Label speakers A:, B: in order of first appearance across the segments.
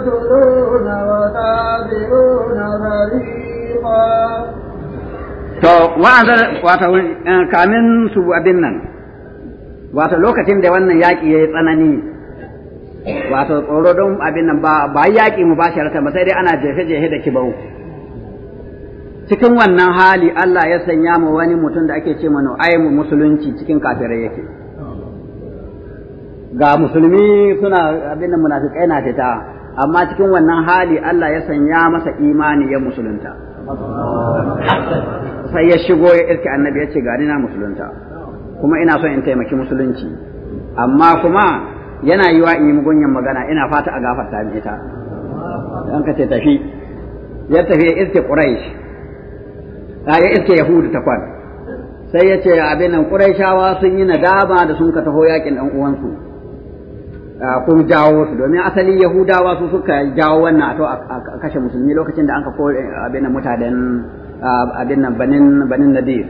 A: تبتلون
B: To, wa'azar, wata eh, kamin su abin nan, wato lokacin da wannan yaƙi ya yi tsanani wato tsoro don abin nan ba yaƙi mu ba shi ba sai dai ana jefe-jefe da kibau cikin wannan hali Allah ya sanya mu wani mutum da ake ce mana ai mu musulunci cikin kafirai yake ga musulmi suna abin nan munafikai na fita amma cikin wannan hali Allah ya sanya masa imani ya musulunta sai ya shigo ya irki annabi ya ce gani na musulunta kuma ina son in taimaki musulunci amma kuma yana yi wa yi mugunyan magana ina fata a gafarta ta ita an ka ce tafi ya tafi ya iske quraish ah, ya iske yahudu ta kwan sai ya ce abin nan quraishawa sun yi nadama da sun ka taho yakin dan uwansu kun jawo su domin asalin yahudawa su suka jawo wannan a kashe musulmi lokacin da an ka kore abin mutanen abin nan banin banin nadir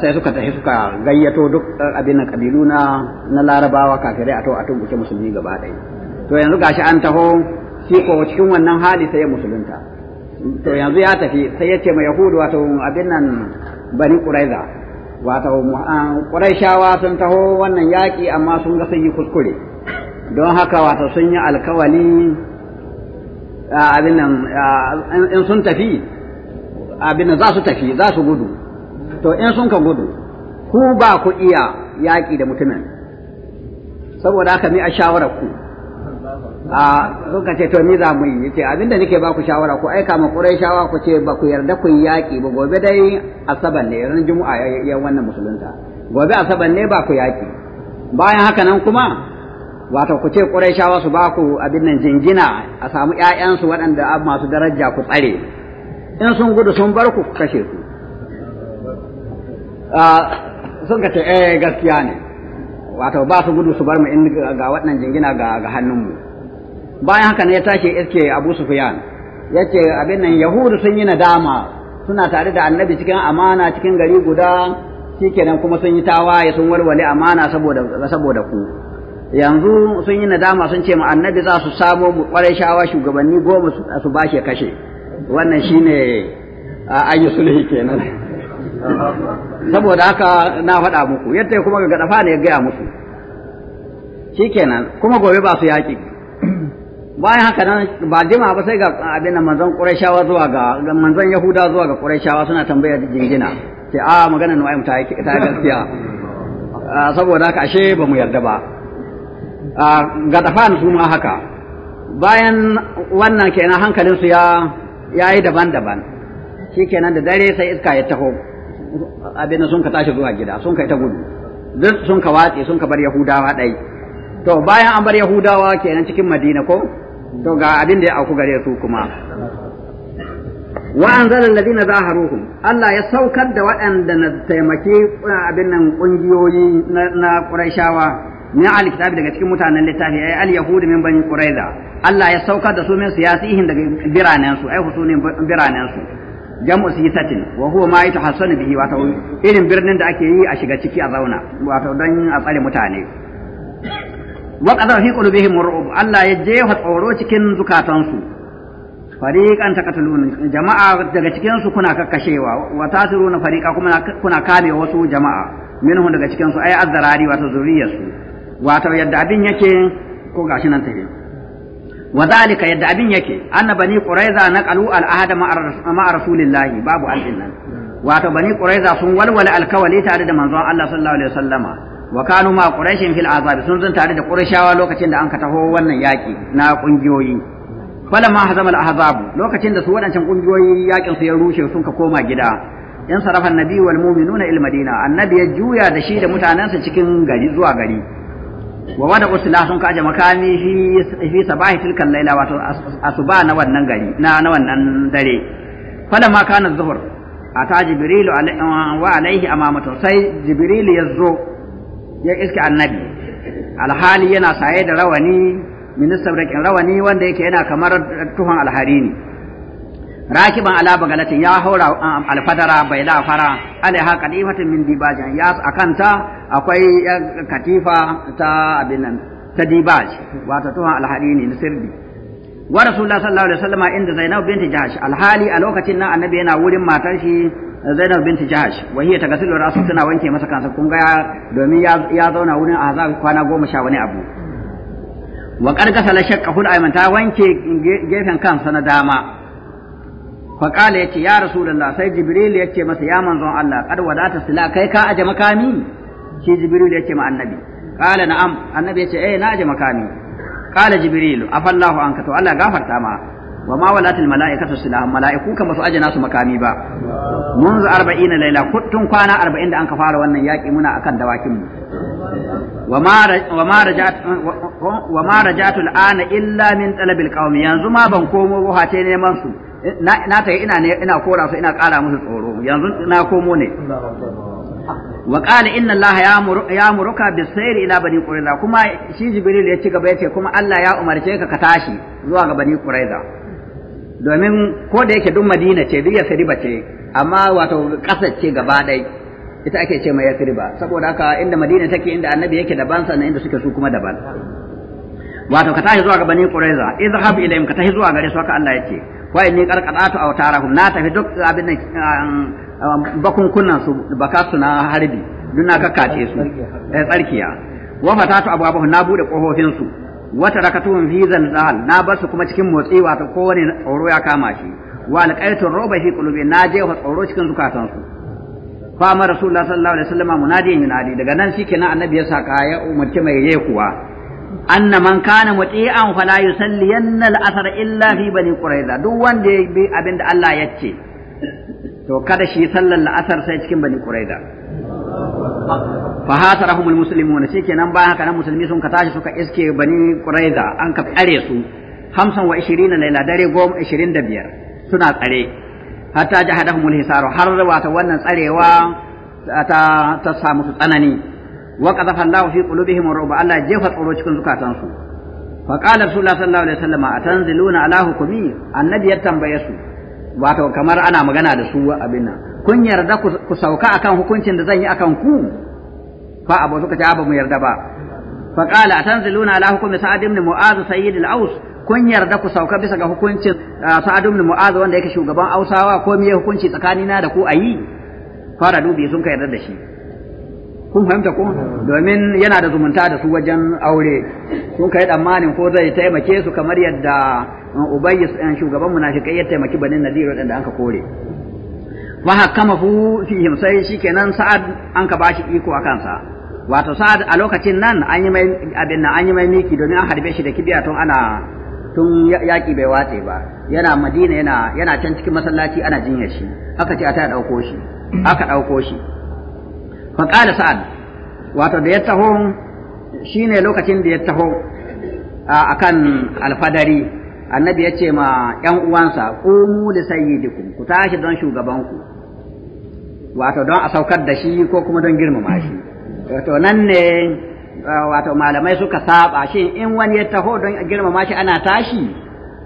B: sai suka tafi suka gayyato duk abin nan kabilu na na larabawa kafirai a to a tumbuke musulmi gaba ɗaya to yanzu gashi an taho shi ko cikin wannan hali sai ya musulunta to yanzu ya tafi sai ya ce ma yahudu wato abin nan bani quraiza wato quraishawa sun taho wannan yaki amma sun ga sun yi kuskure don haka wata sun yi alkawali abin nan in sun tafi abin nan za su tafi za su gudu to in sun ka gudu ku ba ku iya yaƙi da mutumin saboda haka mi a shawarar ku a sun ka ce to ni za mu yi ce abinda nike nake ba ku shawara ku aika ma shawa ku ce ba ku yarda ku yaƙi ba gobe dai asabar ne ran juma'a yan wannan musulunta gobe asabar ne ba ku yaƙi bayan haka nan kuma wato ku ce ƙurayshawa su ba ku abin nan jingina a samu ƴaƴansu waɗanda masu daraja ku tsare in sun gudu sun bar ku kashe su ah, sun ka ce eh gaskiya ne wato ba su gudu su bar mu in ga waɗannan jingina ga hannunmu bayan haka ne ya tashi iske Abu Sufyan yace abin nan Yahudu sun yi nadama suna tare da Annabi cikin amana cikin gari guda shikenan kuma sun yi tawaye sun walwale amana saboda ku yanzu sun yi nadama sun ce mu annabi za su samo mu kwarai shawa shugabanni goma su shi kashe wannan ne a yi sulhi kenan saboda haka na faɗa muku yadda kuma ga dafa ne ya gaya musu kenan kuma gobe ba su yaƙi bayan haka nan ba jima ba sai ga abin da manzon Qurayshawa zuwa ga manzon Yahuda zuwa ga Qurayshawa suna tambayar jingina sai a ah, magana Nu'aym ta ta gaskiya saboda haka ashe ba mu yarda ba Ah, ga dafan su ma haka bayan wannan kenan hankalinsu ya yayi yi daban-daban shi kenan da dare sai iska ya taho abin sun ka tashi zuwa gida sun ka ta gudu duk sun ka watse sun ka bar yahudawa ɗai to bayan an bar yahudawa kenan cikin madina ko to ga abin da ya auku gare su kuma wa anzalal ladina zaharuhum Allah ya saukar da waɗanda na taimaki abin nan kungiyoyi na Qurayshawa min al kitabi daga cikin mutanen littafi ay al yahud min bani quraiza Allah ya saukar da su min siyasihin daga biranen su ay husunin biranen su jam'u siyasatin wa huwa ma yatahassanu bihi wato irin birnin da ake yi a shiga ciki a zauna wato don a tsare mutane wa qad fi qulubihim ru'ub Allah ya je jefa tsoro cikin zukatansu fariqan taqatulun jama'a daga cikin su kuna kakkashewa wa tasiruna fariqa kuma kuna kame wasu jama'a minhu daga cikin su ay azzarari wato zuriyarsu wato yadda abin yake ko gashi nan tafi wa zalika yadda abin yake anna bani quraiza naqalu al ahada ma'a rasulillah babu al wato bani quraiza sun walwala alkawali tare da manzon Allah sallallahu alaihi wasallama wa kanu ma quraishin fil azab sun zan tare da qurayshawa lokacin da an ka taho wannan yaki na kungiyoyi ma hazama al ahzab lokacin da su wadancan kungiyoyi yakin su ya rushe sun ka koma gida in sarafa annabi wal mu'minuna il madina annabi ya juya da shi da mutanansa cikin gari zuwa gari wa wada usla sun kaje makami fi fi sabahi tilkan laila wato asuba na wannan gari na na wannan dare fala ma kana zuhur ata jibril uh, wa alaihi amamatu sai jibrilu yazo ya iske annabi alhali yana saye da rawani ministan rakin rawani wanda yake yana kamar tuhon alharini. ne rakiban ala bagalatin ya haura alfadara bai da fara alaiha kadifatin min dibajin ya akanta akwai katifa ta abin nan ta dibaj wato tuhan alhari ne na sirri wa rasulullah sallallahu alaihi wasallam inda zainab binti jahsh alhali a lokacin nan annabi yana wurin matar shi zainab binti jahsh wa hiya tagasilu rasu tana wanke masa kansa kun domin ya zauna wurin azab kwana goma sha wani abu Waƙar gasa la shaqqa hul ayman ta wanke gefen kansa na dama faƙala ya ce ya rasulallah sai jibril ya ce masa ya manzon Allah kad wadata sila kai ka aje makami shi jibril ya ce ma annabi ƙala na'am annabi ya ce eh na aje makami ƙala jibril afallahu anka to Allah gafarta ma wa ma walatil mala'ikatu sila mala'iku kan su aje nasu makami ba munzu 40 laila kuttun kwana 40 da an ka fara wannan yaƙi muna akan dawakin mu wa ma raja'tu al'ana illa min talabil qaumi yanzu ma ban komo ba ce neman su na ta ina ne ina kora su ina ƙara musu tsoro yanzu na komo ne wa qala inna allaha ya'muruka bis-sayri ila bani quraiza kuma shi jibril ya ci gaba yace kuma Allah ya umarce ka ka tashi zuwa ga bani quraiza domin ko da yake duk madina ce duk yasriba ce amma wato kasar ce gaba dai ita ake ce mai yasriba saboda haka inda madina take inda annabi yake daban sannan inda suke su kuma daban wato ka tashi zuwa ga bani quraiza idhhab ilayhim ka tashi zuwa gare su haka Allah yace wai ni karkadatu a tarahum na tafi duk abin nan um, um, bakun kunnan su baka su na harbi duk na kace su tsarkiya eh, wa fatatu ababahu na bude kohofin su wa tarakatuhum fi zalzal na ba su kuma cikin motsi wato kowane tsoro ya kama shi wa alqaitu ruba fi qulubi na je wa tsoro cikin zukatan su fa ma rasulullahi sallallahu alaihi wasallam munadi yunadi daga nan shikenan annabi ya saka ya umarci mai yekuwa anna man kana muti'an fala yusalliyanna al-asr illa fi bani quraiza duk wanda ya bi abinda Allah ya ce to kada shi sallar la'asar sai cikin bani quraiza fa hasarahum al-muslimun shikenan bayan haka nan musulmi sun ka tashi suka iske bani quraiza an ka tsare su da laila dare 25 suna tsare hatta jahadahum al-hisaru har wata wannan tsarewa ta ta samu tsanani wa qadafa Allahu fi qulubihim ruba Allah jefa tsoro cikin zukatansu fa qala rasulullah sallallahu alaihi wasallam atanziluna ala hukumi annabi ya tambaye su wato kamar ana magana da su abin nan kun yarda ku sauka akan hukuncin da zan yi akan ku fa abu suka ce ba mu yarda ba fa qala atanziluna ala hukumi sa'ad ibn mu'adh sayyid al aws kun yarda ku sauka bisa ga hukuncin sa'ad ibn mu'adh wanda yake shugaban ausawa ko me hukunci tsakanina da ku ayi fara dubi sun ka yarda da shi kun fahimta ko domin yana da zumunta da su wajen aure Kun kai tsammanin ko zai taimake su kamar yadda ɗan uh, uh, shugaban munafikai ya taimaki banin ɗan da anka kore wa hakama fu fihim sai shikenan sa'ad an ka bashi iko a kansa wato sa'ad a lokacin nan an yi mai abin nan an yi mai miki domin an harbe shi da kibiya tun ana tun yaki bai watse ba yana madina yana yana can cikin masallaci ana jinyar shi aka ce a ta dauko shi aka dauko shi fa sa'ad wato da ya taho shine lokacin da ya taho akan alfadari annabi ya ce ma yan uwansa qumu li sayyidikum ku tashi don shugabanku wato don a saukar da shi ko kuma don girmama shi wato nan ne wato malamai suka saba shi in wani ya taho don girmama shi ana tashi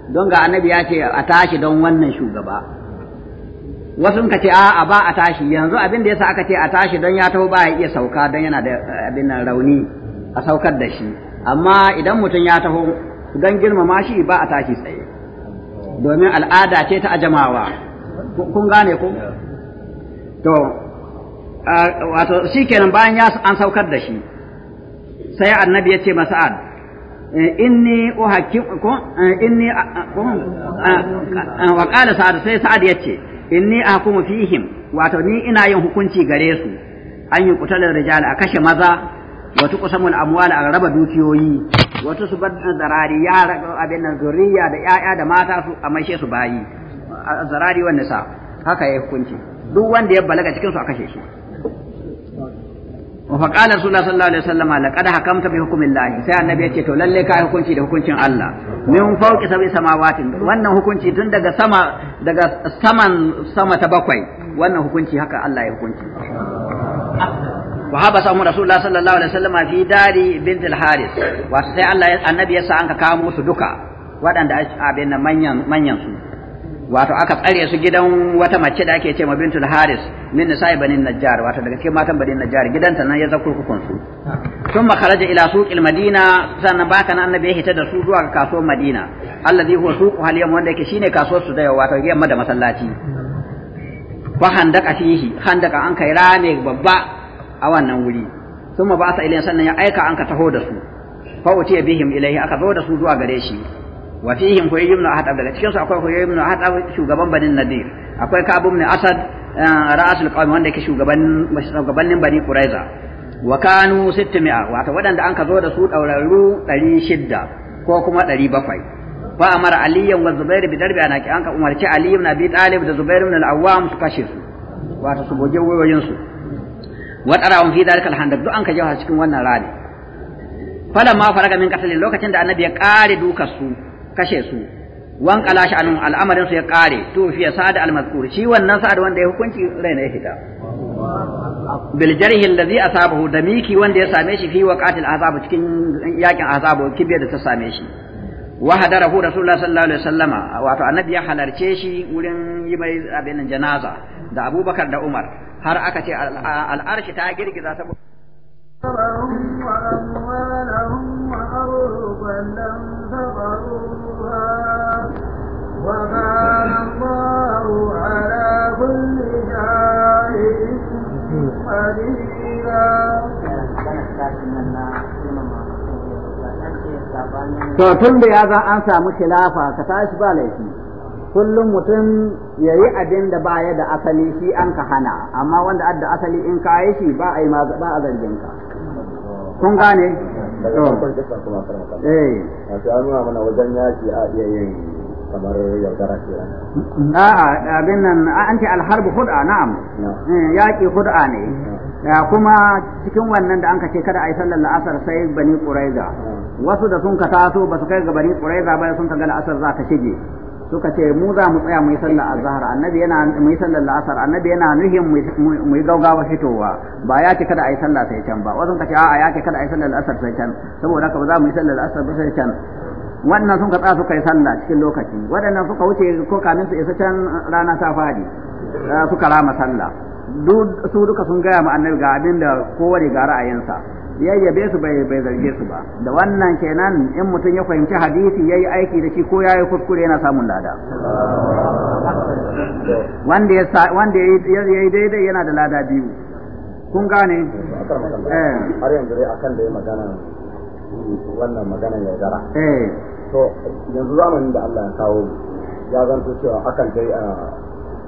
B: don ga annabi ya ce a tashi don wannan shugaba wasu ka ce a ba a tashi yanzu abin da yasa aka ce a tashi don ya taho ba ya iya sauka don yana da eh, abin nan rauni a saukar da shi amma idan mutum ya taho don girmama shi ba a tashi tsaye domin al'ada ce ta ajamawa kun gane ko to wato shikenan bayan ya an saukar da shi sai annabi ya ce masa'ad eh, inni uhakkim ko eh, inni wa qala sa'ad sai sa'ad ce inni ahkumu fihim wato ni ina yin hukunci gare su an yi kutalar rijal a kashe maza wato kusamul amwal a raba dukiyoyi su tusbat zarari ya abin nan zuriya da yaya da mata su a maishe su bayi zarari wannan sa haka ya hukunci duk wanda ya balaga cikin su a kashe shi وفقال رسول الله صلى الله عليه وسلم لقد حكمت بحكم الله sai annabi yace to lalle kai hukunci da hukuncin Allah min fawqi sabi samawatin wannan hukunci tun daga sama daga saman sama ta bakwai wannan hukunci haka Allah ya hukunci wa haba samu rasulullah sallallahu alaihi wasallam fi dari bint al haris wa sai Allah annabi ya sa an ka kawo musu duka waɗanda abin nan manyan manyan su wato aka tsare su gidan wata mace da ake ce ma bintul haris min nisa'i banin najjar wato daga cikin matan banin najjar gidanta nan ya zakur kukun su sun makaraja ila suqil madina sannan baka nan annabi ya hita da su zuwa kasuwar madina alladhi huwa suqu haliyam wanda yake shine kasuwar su da yawa wato yamma da masallaci fa handaka fihi handaka an kai rame babba a wannan wuri sun ba sa ilayhi sannan ya aika an ka taho da su fa utiya bihim ilaihi aka zo da su zuwa gare shi wa fihim ku ibn ahad daga cikin su akwai ku Yimna ahad shugaban banin nadir akwai ka ibn asad eh, ra'asul qawm wanda yake shugaban shugabannin bani quraiza wa kanu 600 wato waɗanda an ka zo da su ɗaurarru 600 ko kuma 700 fa amara aliyan wa zubairu bi darbi anaki an ka umarci ali ibn abi talib da zubairu ibn al-awwam su kashe su wato su goge wayoyin su wa tarahum fi dalika al duk an ka jawa cikin wannan rani fala ma faraga min qatlin lokacin da annabi ya kare dukar su kashe su wan qala sha'anun al'amarin su ya kare to fi sa'ad al-mazkur shi wannan sa'ad wanda ya hukunci raina ya fita bil jarhi alladhi asabahu da miki wanda ya same shi fi waqatil azab cikin yakin azab kibiya da ta same shi wa hadarahu rasulullah sallallahu alaihi wasallama wato annabi ya halarce shi wurin yi mai abin janaza da abubakar da umar har aka ce al'arshi ta girgiza saboda
A: وأموالهم وكان
C: to tun da
B: ya za an samu khilafa ka tashi ba laifi kullum mutum ya yi abin da ba ya da asali shi an ka hana amma wanda adda asali in ka yi shi ba a yi ba a zargin ka
C: kun gane? eh. a nuna mana wajen yaki a iya yin kamar yaudara ke
B: a'a abin nan an ce alharbu hud'a na'am eh, yaƙi hud'a ne kuma cikin wannan da an ka ce kada a yi sallar la'asar sai bani ƙuraiza wasu da sun ka taso ba su kai ga bani ƙuraiza ba sun ka ga la'asar za ka shige suka ce mu za mu tsaya mu yi sallar azhar annabi yana mu yi sallar la'asar annabi yana nuhin mu yi gaugawa fitowa ba ya ce kada a yi sallah sai can ba wasu ka ce a'a ya ce kada a yi sallar la'asar sai can saboda haka ba za mu yi sallar la'asar ba sai can wannan sun ka tsaya suka yi sallah cikin lokaci waɗannan suka wuce ko kamin su isa can rana ta fadi eh, suka rama sallah su duka sun gaya ma annabi ga abin da kowane ga ra'ayinsa yayyabe su bai bai zarge su ba da wannan kenan in mutum ya fahimci hadisi yayi aiki da shi ko yayi kuskure yana samun lada wanda ya wanda yayi daidai yana da lada biyu kun gane eh har yanzu akan da ya magana wannan magana yaudara
C: eh. to yanzu zamanin da Allah ya kawo ya zanto cewa akan dai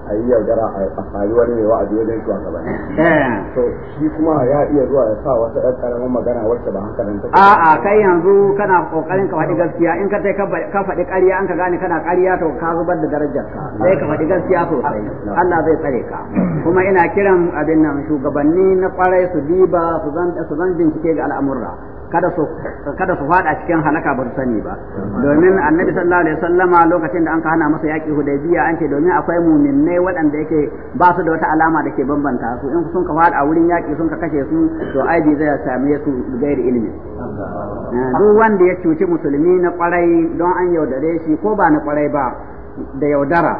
C: a yi yaudara a faru wani mai wa'azi wajen shi wasa bane eh. to shi kuma ya iya zuwa ya sa wata ɗan ƙaramin magana wacce ba haka nan take a'a
B: kai yanzu kana kokarin ka faɗi gaskiya in ka sai ka faɗi ƙarya an ka gane kana ƙarya to ka zubar da darajar ka sai ka faɗi gaskiya sosai Allah zai tsare ka kuma ina kiran abin nan shugabanni na ƙwarai su diba su zan bincike ga al'amurra kada su kada fada cikin halaka ba su sani ba domin annabi sallallahu alaihi wasallama lokacin da an hana masa yaki hudaybiya an ce domin akwai muminnai waɗanda yake ba su da wata alama da ke bambanta su in sun ka fada a wurin yaki sun ka kashe su to aibi zai same su gairi ilimi
C: eh, duk
B: wanda ya cuci musulmi na kwarai don an yaudare shi ko ba na kwarai ba da yaudara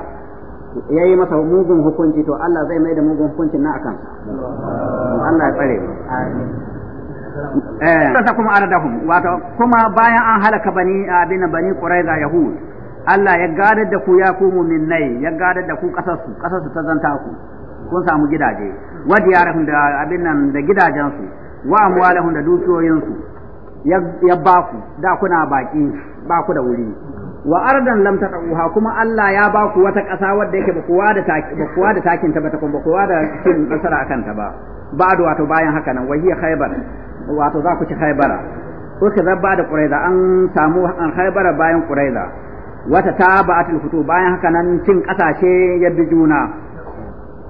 B: ya yi masa mugun hukunci to Allah zai mai da mugun hukuncin na akan Allah ya tsare mu Eh. sasa kuma aradahum wato kuma bayan an halaka bani abin bani quraiza yahud Allah ya gadar da ku ya ku mu'minnai ya gadar da ku kasar su kasar su ta zanta ku kun samu gidaje wa diyarahum da abin nan da gidajen su wa amwalahum da dukiyoyin su ya ba ku da kuna baki ba ku da wuri wa ardan lam tatauha kuma Allah ya ba ku wata ƙasa wadda yake ba da ba kowa da takin ta ba ta kuma ba kowa da cin nasara akan ta ba ba'du wato bayan haka nan wa hiya khaybar wato za ku ci haibara ko ki zabba da quraiza an samu an haibara bayan quraiza wata taba'atul futu bayan haka nan cin ƙasashe ya bi juna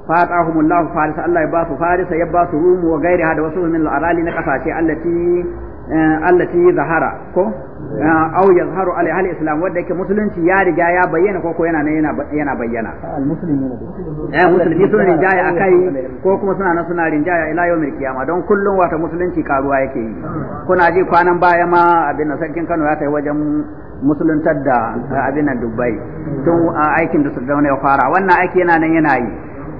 B: fatahum Allah farisa Allah ya ba su farisa ya ba su rumu wa gairi hada wasu min al-arali na ƙasashe allati eh, allati zahara ko aw yazharu ala ahli islam wanda yake musulunci ya riga ya bayyana ko ko yana yana yana bayyana eh musulmi sun rinjaya akai ko kuma suna nan suna rinjaya ila yawmil qiyama don kullum wata musulunci karuwa yake yi kuna ji kwanan baya ma abin nan sarkin Kano ya kai wajen musluntar da abin nan Dubai tun aikin da su ya fara wannan aiki yana nan yana yi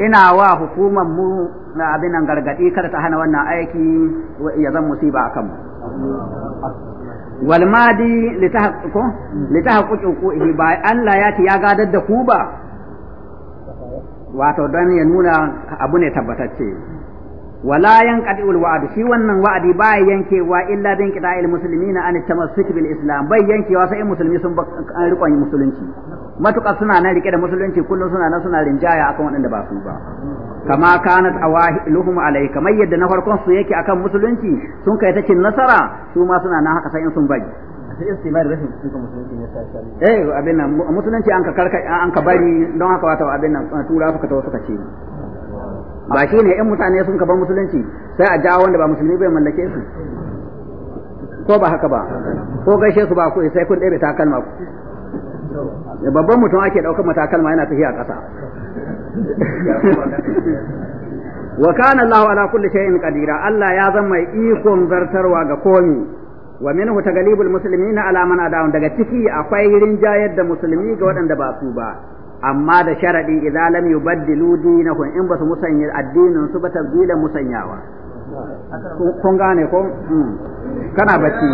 B: ina wa hukumar mu abin nan gargadi kada ta hana wannan aiki ya zan musiba akan mu walmadi madi ba Allah ya ce ya gadar da ku ba wato don ya nuna abu ne tabbatacce wala yanqadi al wa'd shi wannan wa'adi ba yankewa illa bin qita'il muslimina an tamassuk bil islam bai yankewa sai musulmi sun rikon musulunci matuƙa suna nan rike da musulunci kullum suna nan suna rinjaya akan waɗanda ba su ba kama kanat awahiluhum alayhi kamar yadda na farkon su yake akan musulunci sun kai ta cin nasara su ma suna nan haka sai in sun bari eh abin nan musulunci an ka karka an ka bari don haka wato abin nan tura suka tawo suka ce ba shi ne in mutane sun ka bar musulunci sai a jawo wanda ba musulmi bai mallake su ko ba haka ba ko gaishe su ba ku sai kun ɗebe takalma ku babban mutum ake ɗaukar matakalma yana tafiya ƙasa wa kana Allahu ala kulli shay'in qadira Allah ya zama ikon zartarwa ga komi wa minhu tagalibul muslimina ala man adaw daga ciki akwai rinjayar da musulmi ga waɗanda ba su ba amma da sharadi idan lam yubaddilu dinahum in ba su musanya addinin su ba tabdila musanyawa kun gane ko hmm. kana bacci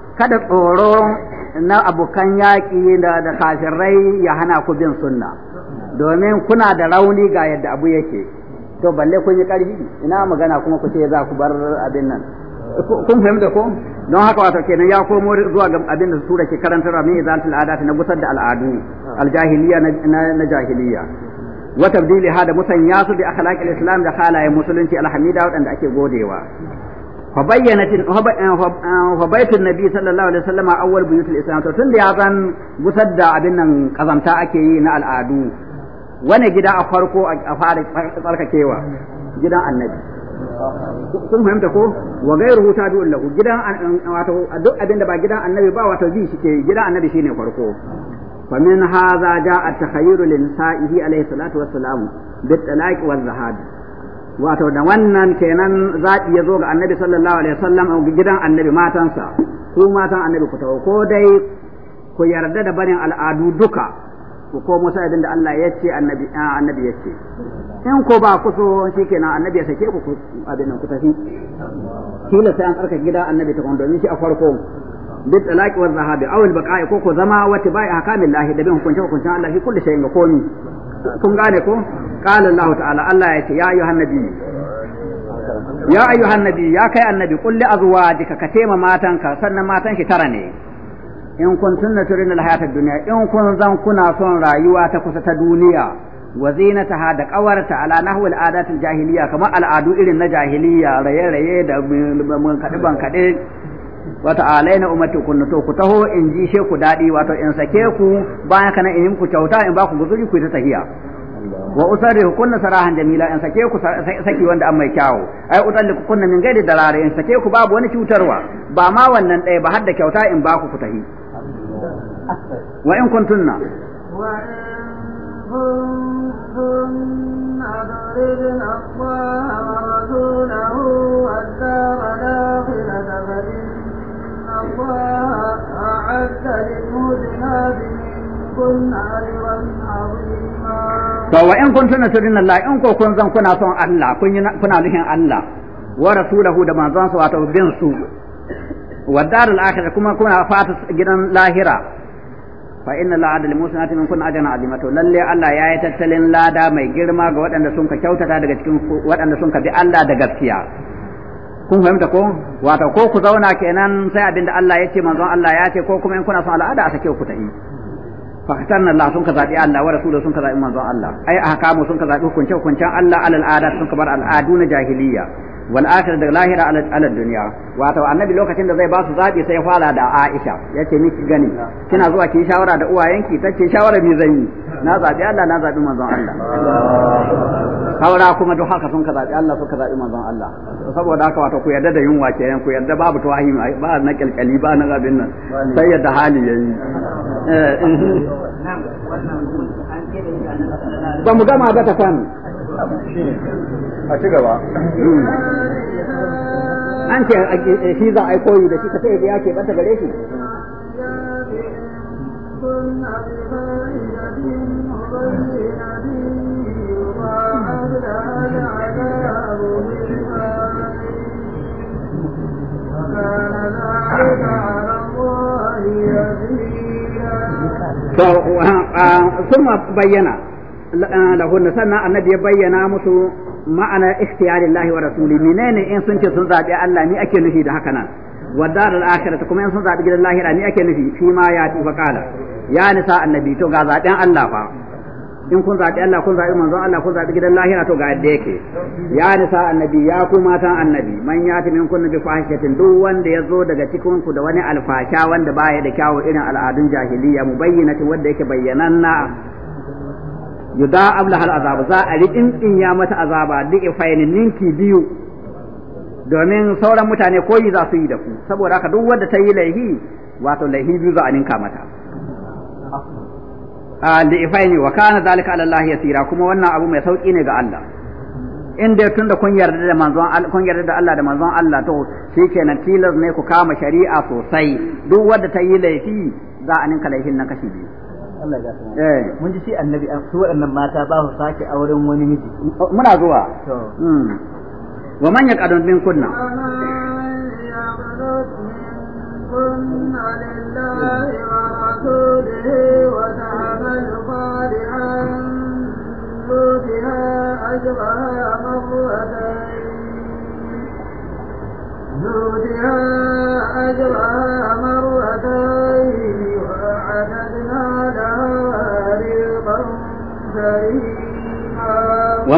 B: kada tsoro na abokan yaƙi da da kafirai ya hana ku bin sunna domin kuna da rauni ga yadda abu yake to balle kun yi ƙarfi ina magana kuma ku ce za ku bar abin nan kun fahimta ko don haka wato kenan ya komo zuwa ga abin da sura ke karantar min izalatul al'ada na gusar da al'adu aljahiliya na jahiliya wa tabdili hada musanya su bi akhlaqil islam da halayen musulunci alhamida wadanda ake godewa فبينت فبيت النبي صلى الله عليه وسلم اول بيوت الاسلام to tunda ya zan gusar da abin nan kazamta ake yi na al'adu wani gida a farko a fara tsarkakewa gidan annabi kun fahimta ko wa gairu ta bi'un lahu gidan wato duk abin da ba gidan annabi ba wato bi ke gidan annabi shine farko فمن هذا a التخير لنسائه عليه الصلاة والسلام بالطلاق والذهاب wato da wannan kenan zaɓi ya zo ga annabi sallallahu alaihi wasallam a gidan annabi matansa ku matan annabi ku tawo ko dai ku yarda da barin al'adu duka ku ko musa da Allah ya ce annabi annabi ya ce in ko ba ku so kenan annabi ya sake ku abin nan ku tafi kila sai an tsarkake gidan annabi ta domin shi a farko bit talaqi wa zahabi aw al baqa'i ko ko zama wa tibai ahkamillahi da bin hukunta hukunta Allah shi kullu shay'in ga komi kun gane ko qala ta'ala Allah ya ce ya ayyuhan nabi ya ayyuhan nabi ya kai annabi qul li azwajika ka tema sannan matan ki tara ne in kuntunna turinna alhayata ad-dunya in kun zan kuna son rayuwa ta kusa ta duniya wa zinataha da ƙawarta ala nahwu al'adatil jahiliya kamar al'adu irin na jahiliya raye-raye da mun kaɗe ban kaɗe wata alaina ummati kunna to ku taho in ji she ku daɗi wato in sake ku bayan kana in ku kyauta in ba ku guzuri ku ta tahiya wa usari kunna sarahan jamila in sake ku saki wanda an mai kyawu ai utalli ku kunna min gaidi dalare in sake ku babu wani cutarwa ba ma wannan ɗaya ba har da kyauta in ba ku ku tahi wa in kuntunna
A: wa to wa in
B: kuntum nasrina Allah in ko kun zan kuna son Allah kun kuna nufin Allah wa rasuluhu da manzon sa wato bin su wa darul akhir kuma kuna fata gidan lahira fa inna la adal musnati min kun ajana azimatu lalle Allah yi tattalin lada mai girma ga waɗanda sun ka kyautata daga cikin waɗanda sun ka bi Allah da gaskiya kun fahimta ko wato ko ku zauna kenan sai abinda Allah ya ce manzon Allah ya ce ko kuma in kuna son al'ada a sake ku tafi fakatan Allah sun ka zabi Allah wa rasuluhu sun ka zabi manzon Allah ai ahkamu sun ka zabi hukunce hukuncen Allah alal adat sun ka bar al'adu na jahiliya wal akhir da lahira ala duniya wato annabi lokacin da zai ba su zabi sai ya fara da Aisha yace miki gani kina zuwa ki shawara da uwayenki tace shawara me zan yi na zabi Allah na zabi manzon Allah saura kuma duk haka sun ka zabi Allah suka zabi manzon Allah saboda haka wato ku yarda da yunwa kenan ku yarda babu tawahim ba na kalkali ba na zabin nan sai yadda hali yayi eh, mhm.
C: ba mu gama ba ta kan a
B: ci gaba an ce shi za a yi koyi da shi ka sai ya ke bata gare shi ثم بين Eh, lahunna sannan annabi ya bayyana musu ma'ana ikhtiyarillahi wa rasuli menene in sun ce sun zabi Allah ni ake nufi da haka nan wa daral akhirati kuma in sun zabi gidan lahira ni ake nufi shi ma ya tufa kala ya nisa annabi to ga zaben Allah fa in kun zabi Allah kun zabi manzon Allah kun zabi gidan lahira to ga yadda yake ya nisa annabi ya ku matan annabi man ya timin kun bi fahishatin duk wanda ya zo daga cikin ku da wani alfasha wanda baya da kyawu irin al'adun jahiliya mubayyinatin wanda yake bayyananna yuda abla hal azaba za a riƙin in ya mata azaba duk ifainin ninki biyu domin sauran mutane koyi za su yi da ku saboda haka duk wanda ta yi laihi wato laihi biyu za a ninka mata a da ifaini wa kana zalika ala Allah yasira kuma wannan abu mai sauki ne ga Allah in dai tunda kun yarda da manzon Allah kun yarda da Allah da manzon Allah to shikenan tilas ne ku kama shari'a sosai duk wanda ta yi laifi za a ninka laifin nan kashi biyu Allah ya eh. mun ji shi annabi su waɗannan mata ba su sake auren wani miji oh, muna zuwa hmm. wa man yaqadun min kunna
A: وتعمل صالحا نؤتها مرتين wa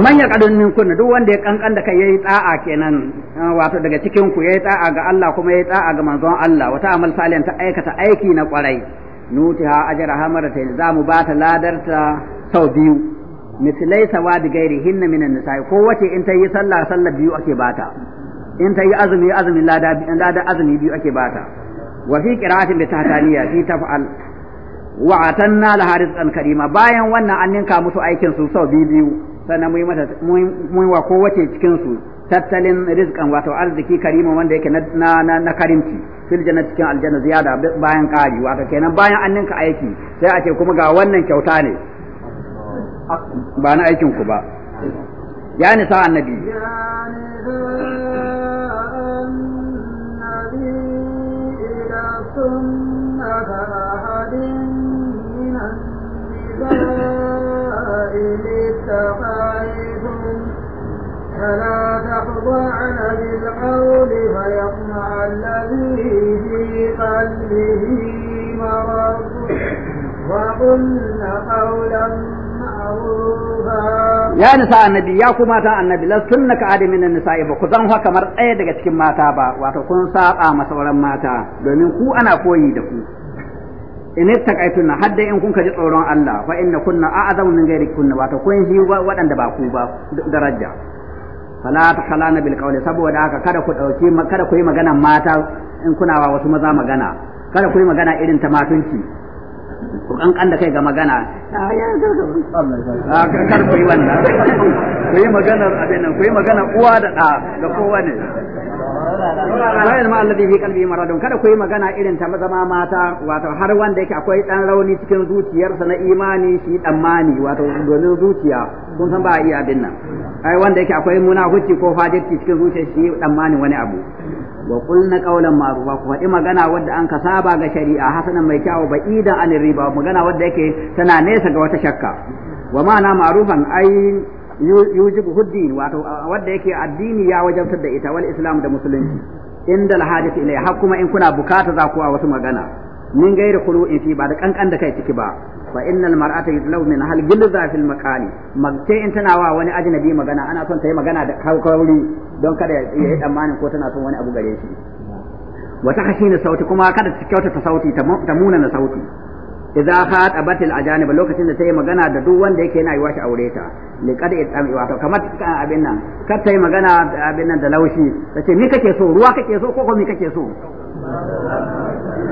A: man
B: yaqadun minkum duk wanda ya kankan da kai yayi da'a kenan wato daga cikin ku yayi da'a ga Allah kuma yayi da'a ga manzon Allah wata amal salihan ta aikata aiki na kwarai nutiha ajraha maratayn za mu bata ladarta sau biyu mislai sawadi gairi hinna minan nisa'i ko wace in ta yi sallah sallah biyu ake bata in ta yi azumi azumin lada lada azumi biyu ake bata wa fi qira'atin bi tahtaniya fi taf'al wa atanna la harisan karima bayan wannan an ninka musu aikin su sau biyu biyu sannan mu yi mata mu wa kowace cikin su tattalin rizqan wato arziki karima wanda yake na na na karimci fil jannati cikin aljanna ziyada bayan qari wato kenan bayan an ninka aiki sai a ce kuma ga wannan kyauta ne ba na aikin ku ba ya nisa annabi
A: سنة أحد من النساء لاتقيتم فلا تخضعن بالقول فيطمع الذي في قلبه مرض وقلن قولا ya nisa
B: annabi ya ku mata annabi la sunna ka adamin na nisa'i ba ku zan haka kamar ɗaya daga cikin mata ba wato kun saba ma sauran mata domin ku ana koyi da ku in ittaqaitun hadda in kun ji tsoron Allah fa inna kunna a'zamu min ghairi wato kun shi waɗanda ba ku ba daraja fala takhalana bil qawli saboda haka kada ku dauki kada ku yi magana mata in kuna wa wasu maza magana kada ku yi magana irin ta matunci ku kankan da kai ga magana ah, ah, kar ku yi wannan ku yi maganar abin nan ku yi magana uwa da ɗa da kowa ne wayar ma alladhi fi qalbi maradun kada ku yi magana irin ta zama mata wato har wanda yake akwai dan rauni cikin zuciyarsa na imani shi tsammani wato domin zuciya kun san ba a iya abin nan ai wanda yake akwai hucci ko fajirci cikin zuciya shi tsammani wani abu wa kulna qawlan ma'rufa ku faɗi magana wadda an ka saba ga shari'a hasanan mai kyawu idan an riba magana wadda yake tana nesa ga wata shakka wa ma'ana ma'rufan ai yujibu huddin wato wadda yake addini ya wajabtar da ita wal islam da musulunci inda al hadith ilayha kuma in kuna bukata za ku a wasu magana Mun min kuru in fi ba da kankan da kai ciki ba fa innal mar'ata yutlaw min hal gilza fil maqali magce in tana wa wani ajnabi magana ana son ta yi magana da kauri don kada ya yi tsammanin ko tana son wani abu gare shi wata na sauti kuma kada ta kyautata sauti ta muna na sauti idza a al ba lokacin da ta yi magana da duk wanda yake yana yiwa shi aure ta li qad itami wato kamar ah, abin nan kar ta yi magana da laushi tace me kake so ruwa kake so ko ko me kake so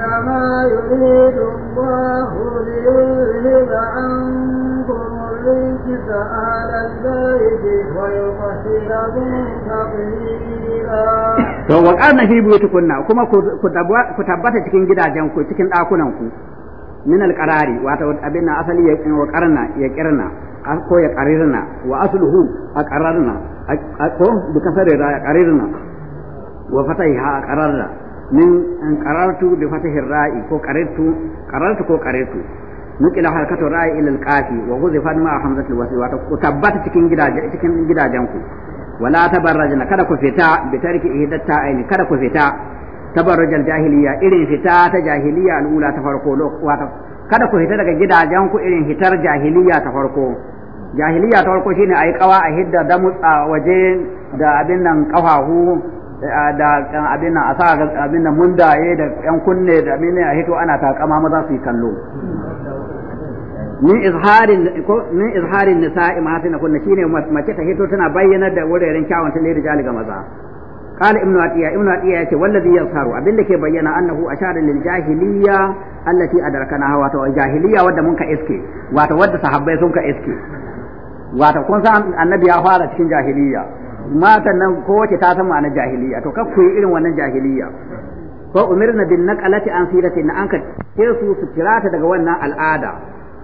A: إنما يريد الله ليذهب عنكم الرجس أهل البيت ويطهركم تطهيرا
B: to wa qarna fi buyutikunna kuma ku tabbata cikin gidajenku cikin ɗakunanku min alqarari wato abin na asali ya wa qarna ya qirna ko ya qarirna wa asluhu a qararna ko bi kasari ya qarirna wa fataiha a qararna من ان قررت بفتح الراء كو قررت قررت كو قررت نقل حركة الراء إلى القافي وغذفت مع حمزة الوسيل وتبت تكين جدا تكين جدا جنكو ولا تبرجن كذا كفتا بترك اهدى التائين كذا كفتا تبرج الجاهلية إلين فتا تجاهلية الاولى تفرقو لو كذا كفتا daga gidajen ku irin hitar jahiliya ta farko jahiliya اي farko اهدى ayi وجين a hidda da Eh, da abin nan a sa abin nan mun daye da yan kunne da abin nan a hito ana takama maza su kallo ni izharin ko ni izharin nisa'i ma hasina kunna shine mace ta hito tana bayyana da wuraren kyawun ta rijali ga maza قال ابن عطية ابن عطية يتي والذي يظهر أبن لك بيّن أنه أشار للجاهلية التي أدركناها واتو الجاهلية ودى منك إسكي واتو ka صحبه سنك إسكي واتو كنسا النبي fara كن جاهلية matan nan kowace ta san ma'anar jahiliya to kar ku yi irin wannan jahiliya fa umirna bin naqalati an sirati na anka ke su su kirata daga wannan al'ada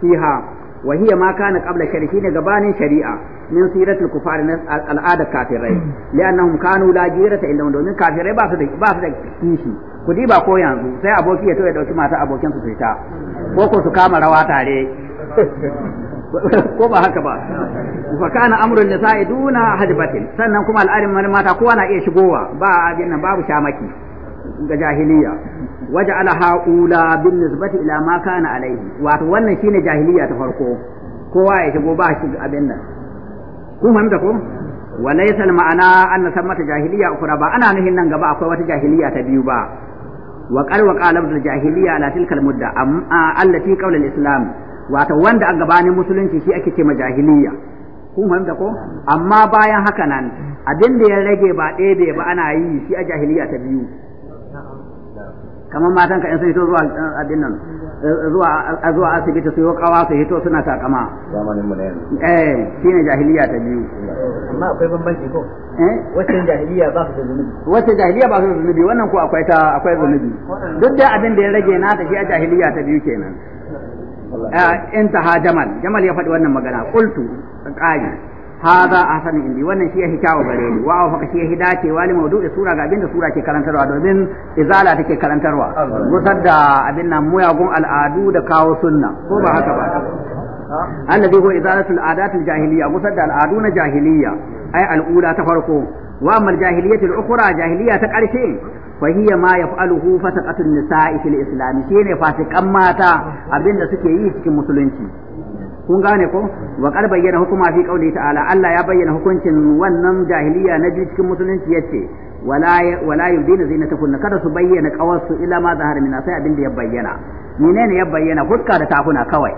B: fiha wa hiya ma kana qabla shari'i ne gabanin shari'a min sirati kufar na al'ada kafirai li'annahum kanu la jirata illa domin kafirai ba su da ba su da kishi ku ba ko yanzu sai aboki ya to ya dauki mata abokin su fita ko ko su kama rawa tare ko ba haka ba fa kana amrun nisa'i duna hajbatin sannan kuma al'adun mata kowa na iya shigowa ba abin nan babu shamaki ga jahiliya waje waja'ala ula bin nisbati ila ma kana alaihi wato wannan shine jahiliya ta farko kowa ya shigo ba shi abin nan ku fahimta ko walaysa ma'ana anna sammata jahiliya ukura ba ana nuhin nan gaba akwai wata jahiliya ta biyu ba wa qal wa qala jahiliya ala tilkal mudda amma allati qawla al-islam wato wanda a gabanin musulunci shi ake ce majahiliya kun fahimta ko amma bayan haka nan abin da ya rage ba ɗebe ba ana yi shi a jahiliya ta biyu kamar matan ka in sun hito zuwa eh, abin nan eh, zuwa eh, zuwa asibiti su yi kawa su hito suna takama eh shi ne jahiliya ta biyu amma akwai bambanci ko eh wacce jahiliya ba su da zunubi wacce jahiliya ba su da zunubi wannan ko akwai ta akwai zunubi duk da abin da ya rage na ta shi a jahiliya ta biyu kenan intaha jamal jamal ya faɗi wannan magana qultu qali hadha ahsanu indi wannan shi ya fi kyawu gare ni wa fa shi ya fi dacewa li mawdu'i sura ga abinda sura ke karantarwa domin izala take karantarwa gusar da abin nan muyagun al'adu da kawo sunna ko ba haka ba annabi huwa izalatul adatul jahiliya musadda da al'adu na jahiliya ai al'ula ta farko wa amal jahiliyatul ukhra jahiliya ta karshe fa hiya ma yaf'aluhu fataqatul nisa'i fil islam shine fasikan mata abinda suke yi cikin musulunci kun gane ko wa kar bayyana hukuma fi qauli ta'ala Allah ya bayyana hukuncin wannan jahiliya na biyu cikin musulunci yace wala wala yudina zinatakun kada su bayyana qawasu ila ma zahara min sai abinda ya bayyana menene ya bayyana fuska da takuna kawai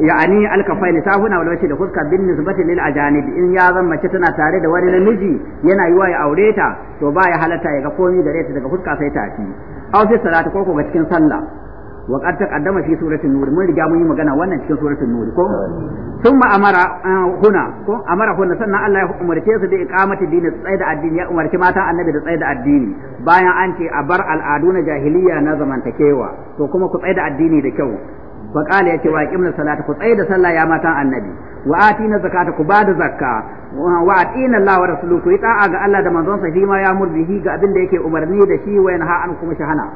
B: ya'ani alkafaini safuna wal wajhi da fuska bin nisbati lil ajanib in ya zan mace tana tare da wani namiji yana yiwa ya aure ta to ba ya halatta ya ga komai gare ta daga fuska sai tafi aw fi salati ko ko ga cikin sallah wa qad taqaddama fi surati nur mun riga mun yi magana wannan cikin surati nur ko thumma amara ah, huna ko amara huna sannan Allah ya umarce su da iqamati dini tsaye ya umarci mata annabi da tsaye da addini bayan an ce a bar al'adu na jahiliya na zamantakewa ko kuma ku tsaye addini da kyau fa ya ce wa qimna salata ku tsaye da sallah ya matan annabi wa atina zakata ku ba da zakka wa atina Allah wa ku yi ta'a ga Allah da manzon sa shi ma ya murzihi ga abin da yake umarni da shi wa yanha an kuma shahana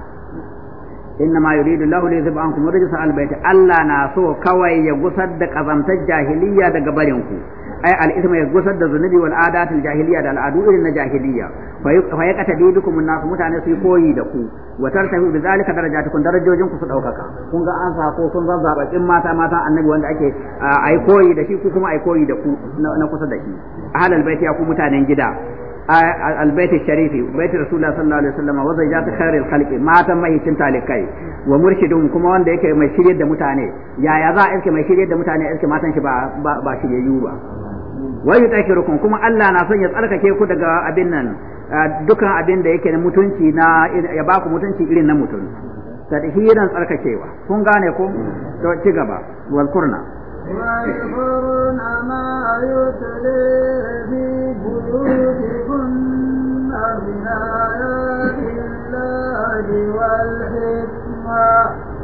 B: inna ma yuridu Allahu li yuzhiba ankum rijsa al-bayt Allah na so kawai ya gusar da kazantar jahiliya daga barinku ku ay al isma ya da zunubi wal al jahiliya da al'adu irin na jahiliya fa ya kata bi dukum nas mutane su koyi da ku wa tartahu bi zalika darajatukum darajojin ku su daukaka kun ga an sako kun zan zabakin mata mata annabi wanda ake ai koyi da shi ku kuma ai koyi da ku na kusa da shi al baiti ya ku mutanen gida البيت الشريف بيت رسول الله صلى الله wa وسلم khairil khalqi mata mai cin talikai wa murshidun kuma wanda yake mai shirye da mutane yaya za a iske mai shirye da mutane iske matan shi ba ba shiryayyu ba wai yutakirukum kuma Allah na son ya tsarkake ku daga abin nan dukan abin da yake na mutunci na ya ba ku mutunci irin na mutum tadhiran tsarkakewa kun gane ko to ci gaba wal qurna
A: ويحرن ما يتلي في بيوتكن من الله والحكمة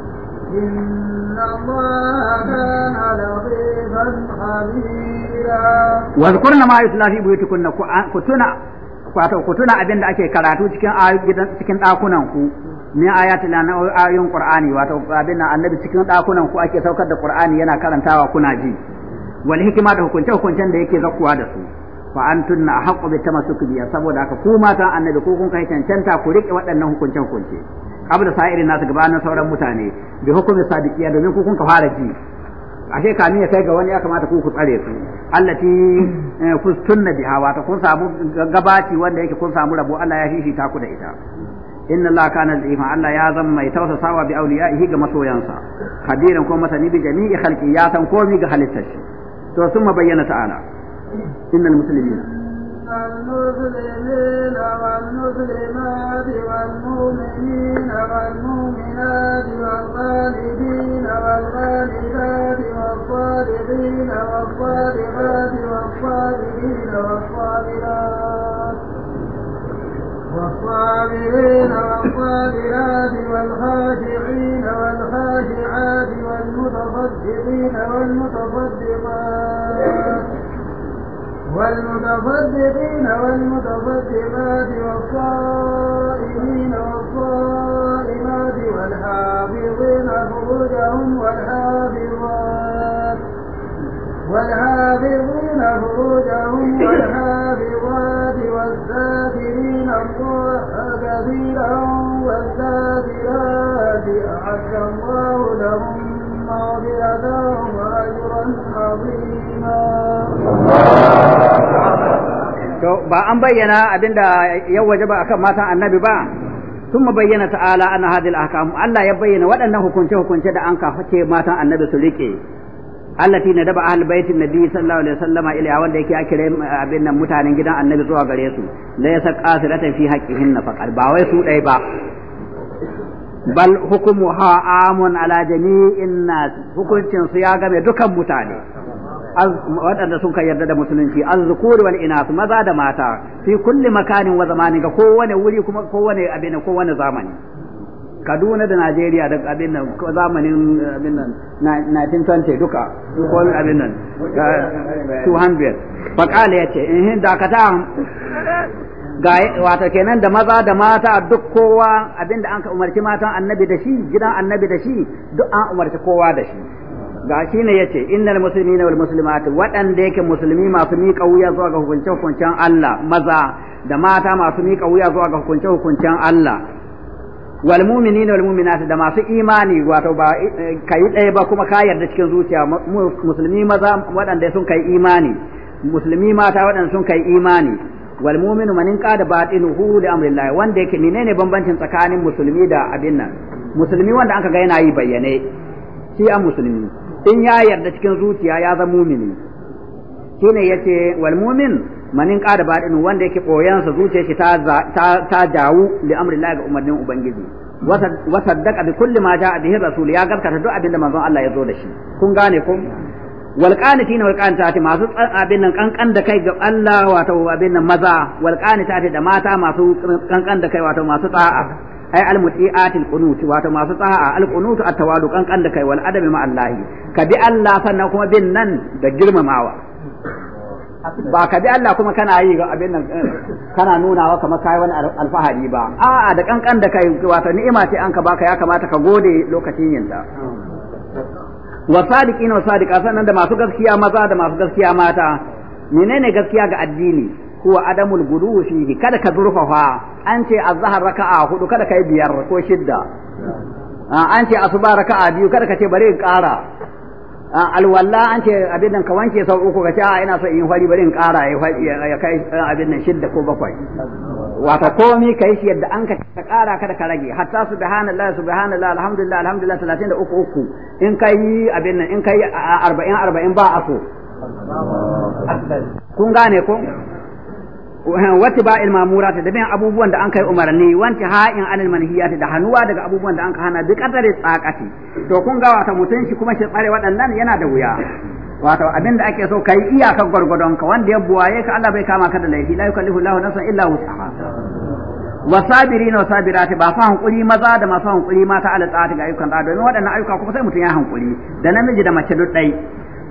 B: wazkurna ma yusla fi buyutikunna ku tuna ku tuna abin da ake karatu cikin ayyukan cikin dakunan ku ayati la na ayoyin qur'ani wato abin nan annabi cikin dakunan ku ake saukar da qur'ani yana karantawa kuna ji wal hikima da hukunce hukuncen da yake zakkuwa da su fa antunna haqqu masu tamassuki saboda haka ku matan annabi ko kun kai cancanta ku rike waɗannan hukunce hukunce qabla sa'irin nasu gabanin sauran mutane bi hukumin sadiqiya domin ku kun ka fara ji ashe kamin ya kai ga wani ya kamata ku ku tsare su allati eh, kustunna biha wato kun samu gabaci wanda yake kun samu rabo Allah ya shishi ta ku da ita inna Allah kana Allah ya zama mai tausasawa bi auliya'ihi ga masoyansa khadiran ko masani bi jami'i khalqi ya san komi ga halittar shi to sun bayyana ta'ala innal muslimina
A: والمسلمين والمسلمات والمؤمنين والمؤمنات والقانتين
B: Ba an bayyana abinda waje ba akan matan annabi ba, tun mu bayyana ta'ala ana hadir a kamu. Allah ya bayyana waɗannan hukunce-hukunce da an ka matan annabi su rike Allah ya daba al-baiti na biyu sallwa ilai sallam a ilayawar da yake yake kira abinda mutanen gidan annabi zuwa gare su. Ilaiasa ƙasa na tafi haƙƙi na faɗa, ba wai su ɗai ba. Bal hukumu ha amun ala jami'in ina hukuncinsu ya game dukan mutane. waɗanda sun kai yarda da musulunci az-zukur wal inas maza da mata fi kulli makanin wa zamanin ga kowane wuri kuma kowane abin kowane zamani Kaduna da Najeriya da abin nan zamanin abin nan 1920 duka ko abin nan 200 faqala yace in dakata ga wato kenan da maza da mata duk kowa abinda an ka umarci matan annabi da shi gidan annabi da shi duk an umarci kowa da shi ga shi ne yace innal muslimina wal muslimat waɗanda yake musulmi masu miƙa wuya zuwa ga hukunce hukuncen Allah maza da mata masu miƙa wuya zuwa ga hukunce hukuncen Allah wal mu'minina wal mu'minat da masu imani wato ba eh, kai ɗaya ba kuma ka yarda cikin zuciya musulmi maza waɗanda sun kai imani musulmi mata waɗanda sun kai imani wal mu'minu man inqada batinuhu li amrillah wanda yake menene bambancin tsakanin musulmi da abin nan musulmi wanda anka ga yana yi bayyane shi an musulmi in ya yarda cikin zuciya ya zama mumini shine yace wal mumin manin qada badinu wanda yake sa zuciyar shi ta ta jawu li amri Allah ga umarnin ubangiji wa saddaqa bi kulli ma jaa bihi rasul ya gaskata duk abinda manzon Allah ya zo da shi kun gane ko wal qanitina wal qanitati masu abin nan kankan da kai ga Allah wato abin nan maza wal qanitati da mata masu kankan da kai wato masu ta'a ai al muti'at al qunut wato masu tsaha al qunut at tawadu kan kan da kai wal adabi ma Allah ka bi Allah sannan kuma bin nan da girmamawa ba ka bi Allah kuma kana yi ga abin nan kana nuna nunawa kamar kai wani alfahari ba a'a da kankan da kai wato ni'ima ce an ka baka ya kamata ka gode lokacin yinta wa sadiqina wa sadiqa sannan da masu gaskiya maza da masu gaskiya mata menene gaskiya ga addini huwa adamul gudu fihi kada ka zurfafa an ce azhar raka'a hudu kada kai biyar ko shidda an ce asuba raka'a biyu kada ka ce bari in ƙara alwalla an ce abin nan ka wanke sau uku ka ce a ina so in fari bari in ƙara ya kai eh, abin nan shidda ko bakwai Wata komi kai shi yadda an ka ƙara kada ka rage hatta subhanallah subhanallah alhamdulillah alhamdulillah da uku uku in kai abin nan in kai 40 40 ba a so kun gane ko wata ba ilmamura ta dabin abubuwan da an kai umarni wanti in anil manhiyati da hannuwa daga abubuwan da an ka hana duk kadare tsakati to kun ga wata mutun shi kuma shi tsare waɗannan yana da wuya wato abin da ake so ka yi iyakar gwargwadon ka wanda ya buwaye ka Allah bai kama ka da laifi la yukallifu Allahu nafsan illa wus'aha wa ba fa hankuri maza da masu hankuri mata ala tsati ga ayyukan da domin waɗannan ayyuka kuma sai mutun ya hankuri da namiji da mace duk dai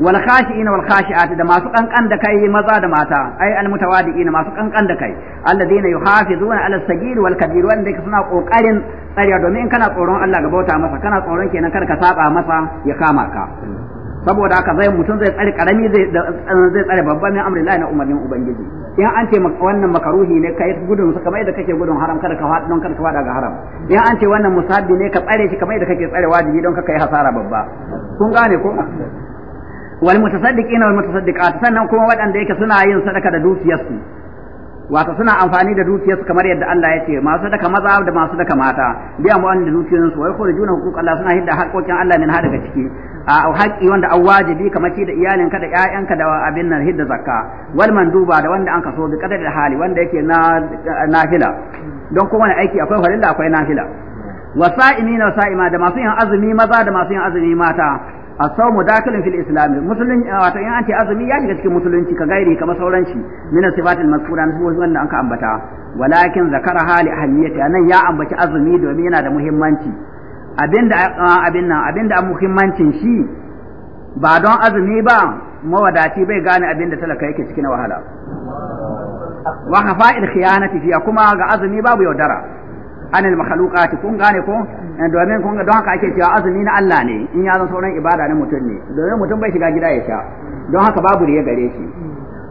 B: wal khashi'in wal khashi'at da masu kankan da kai maza da mata ai al mutawadi'in masu kankan da kai alladheena yuhafizuna ala sagir wal kabir wanda suna kokarin tsariya domin in kana tsoron Allah ga bauta masa kana tsoron kenan kar ka masa ya kama ka saboda haka zai mutum zai tsare karami zai zai tsare babban min amrin na umarnin ubangiji in an ce wannan makaruhi ne kai gudun su kamar yadda kake gudun haram kada ka faɗi don kada ka ga haram in an ce wannan musabbi ne ka tsare shi kamar yadda kake tsare wajibi don ka kai hasara babba kun gane ko wal mutasaddiqina wal mutasaddiqat sannan kuma waɗanda yake suna yin sadaka da dukiyarsu wato suna amfani da dukiyarsu kamar yadda Allah ya ce masu sadaka maza da masu sadaka mata biya mu da dukiyarsu wai ko juna hukuk Allah suna hidda haƙoƙin Allah min har daga ciki a haƙi wanda an wajibi kamar ci da iyalinka da ƴaƴanka da abin nan hidda zakka wal manduba da wanda an kaso bi kadar da hali wanda yake na nafila don kowane aiki akwai farilla akwai nafila wasa'imina wasa'ima da masu yin azumi maza da masu yin azumi mata mu mudakalin fil islam musulunci eh, wato in an ce azumi ya shiga cikin musulunci ka gairi kamar sauran shi min sifatil mazkura na sifofi wanda anka ambata walakin zakara hali ahliyati anan ya ambaci azumi domin yana da muhimmanci abinda eh, abin nan abinda an muhimmancin shi ba don azumi ba mawadaci bai gane abinda talaka yake cikin wahala wa khafa'il khiyanati fiya kuma ga azumi babu yaudara anil makhluqati kun gane ko eh, domin don haka ake cewa azumi na Allah ne in ya zan sauran ibada na mutum ne domin mutum bai shiga gida ya sha don haka babu riya gare shi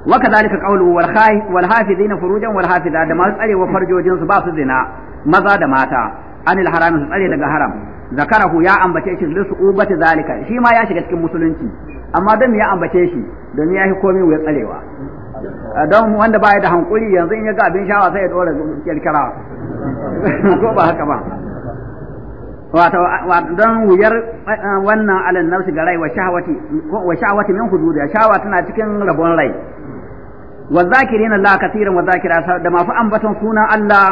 B: wa kadhalika qawluhu wal khaif wal hafizina furujan wal hafiza da masu tsare farjojin su ba su zina maza da mata anil harami su tsare daga haram zakarahu ya ambace shi lisu ubati zalika shi ma ya shiga cikin musulunci amma don ya ambace shi domin ya yi komai wuya tsarewa Eh, don wanda baya da hankuri yanzu in ya ga abin shawa sai ya dora kirkira ko ba haka ba wato don wuyar eh, wannan alal nafsi ga rai wa shahawati wa shahawati min shawa tana cikin rabon rai wa zakirina Allah katiran wa zakira da mafi ambaton sunan Allah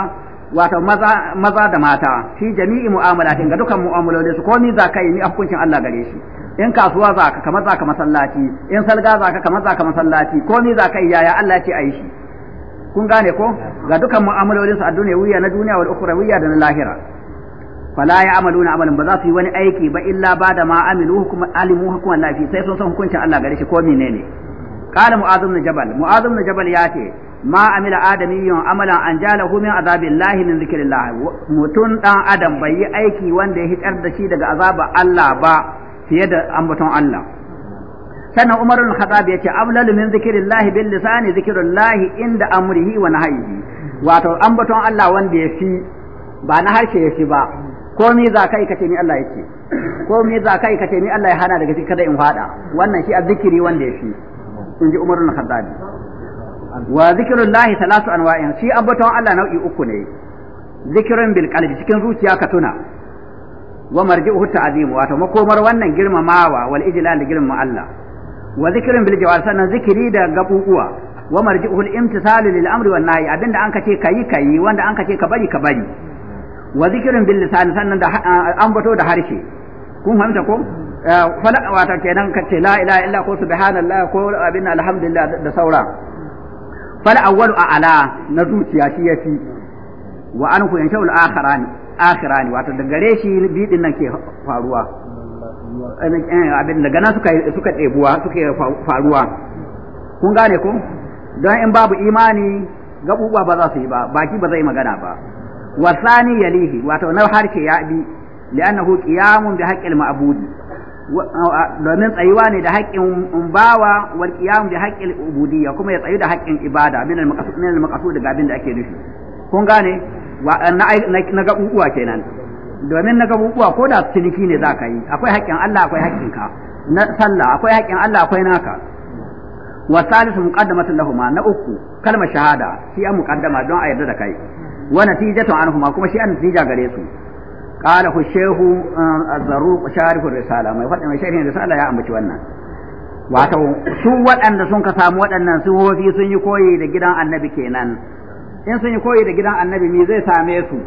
B: wato maza maza da mata fi jami'i mu'amalatin ga dukan mu'amalolin su ko ni zakai ni hukuncin Allah gare shi in kasuwa za ka kamar za ka masallaci in salga za ka kamar za ka masallaci komi za ka iyaya Allah ce a yi shi kun gane ko ga dukan su a duniya na duniya wal wuya da na lahira fala ya amaluna amalan ba za su yi wani aiki ba illa ba da ma amilu hukuma alimu hukuma lafi sai sun san hukuncin Allah gare shi ko menene qala mu'adh ibn jabal mu'adh ya ce ma amila adamiyyun amalan an jalahu min azabillahi min zikrillah mutun dan adam bai yi aiki wanda ya hitar da shi daga azaba Allah ba fiye da ambaton Allah sannan Umar bin Khattab yace afdalu min zikrillahi bil lisani zikrullahi inda amrihi wa nahyihi wato ambaton Allah wanda ya fi ba na harshe ya fi ba ko me za kai kace ni Allah yake ko me za kai kace ni Allah ya hana daga cikin kada in fada wannan shi azzikiri wanda ya fi, in ji Umar bin Khattab wa zikrullahi salatu anwa'in shi ambaton Allah nau'i uku ne zikirin bil qalbi cikin zuciya ka tuna wa marji'uhu ta'zimu wato makomar wannan girmamawa wal ijlal da girmama Allah wa zikrin bil jawar sannan zikiri da gabubuwa wa marji'uhu al imtisalu lil amri wan nahyi abinda an kace kayi kayi wanda an kace ka bari ka bari wa zikrin bil lisan sannan da ambato da harshe kun fahimta ko eh, fala wato kenan kace la ilaha illa ko subhanallah ko abin alhamdulillah da saura fala awwalu a'ala na zuciya shi yafi wa anhu yansha'u al akharani akhira ne wato da gare shi bidin nan ke faruwa eh, abin daga nan suka suka ɗebuwa suke faruwa kun gane ko don in babu imani gabubuwa ba za su yi ba baki ba zai magana ba wasani yalihi wato na harshe ya bi li'annahu qiyamun bi haqqil ma'budi domin tsayuwa ne da haƙƙin bawa wal qiyam bi haqqil ubudiyya kuma ya tsayu da haƙƙin ibada min al maqsud min al maqsud daga abin da ake nufi kun gane Eh, na gaɓuɓuwa kenan domin na gaɓuɓuwa ko da ciniki ne za ka yi akwai haƙƙin Allah akwai haƙƙin ka na sallah akwai haƙƙin Allah akwai naka wa salisu muqaddamatun lahuma na uku kalma shahada shi an muqaddama don a yarda da kai wa natijatu anhuma kuma shi an natija gare su qala hu shehu azzaruq sharifur risala mai faɗin mai sharhin risala ya ambaci wannan wato su waɗanda sun ka samu waɗannan su hofi sun yi koyi da gidan annabi kenan in sun yi koyi da gidan annabi me zai same su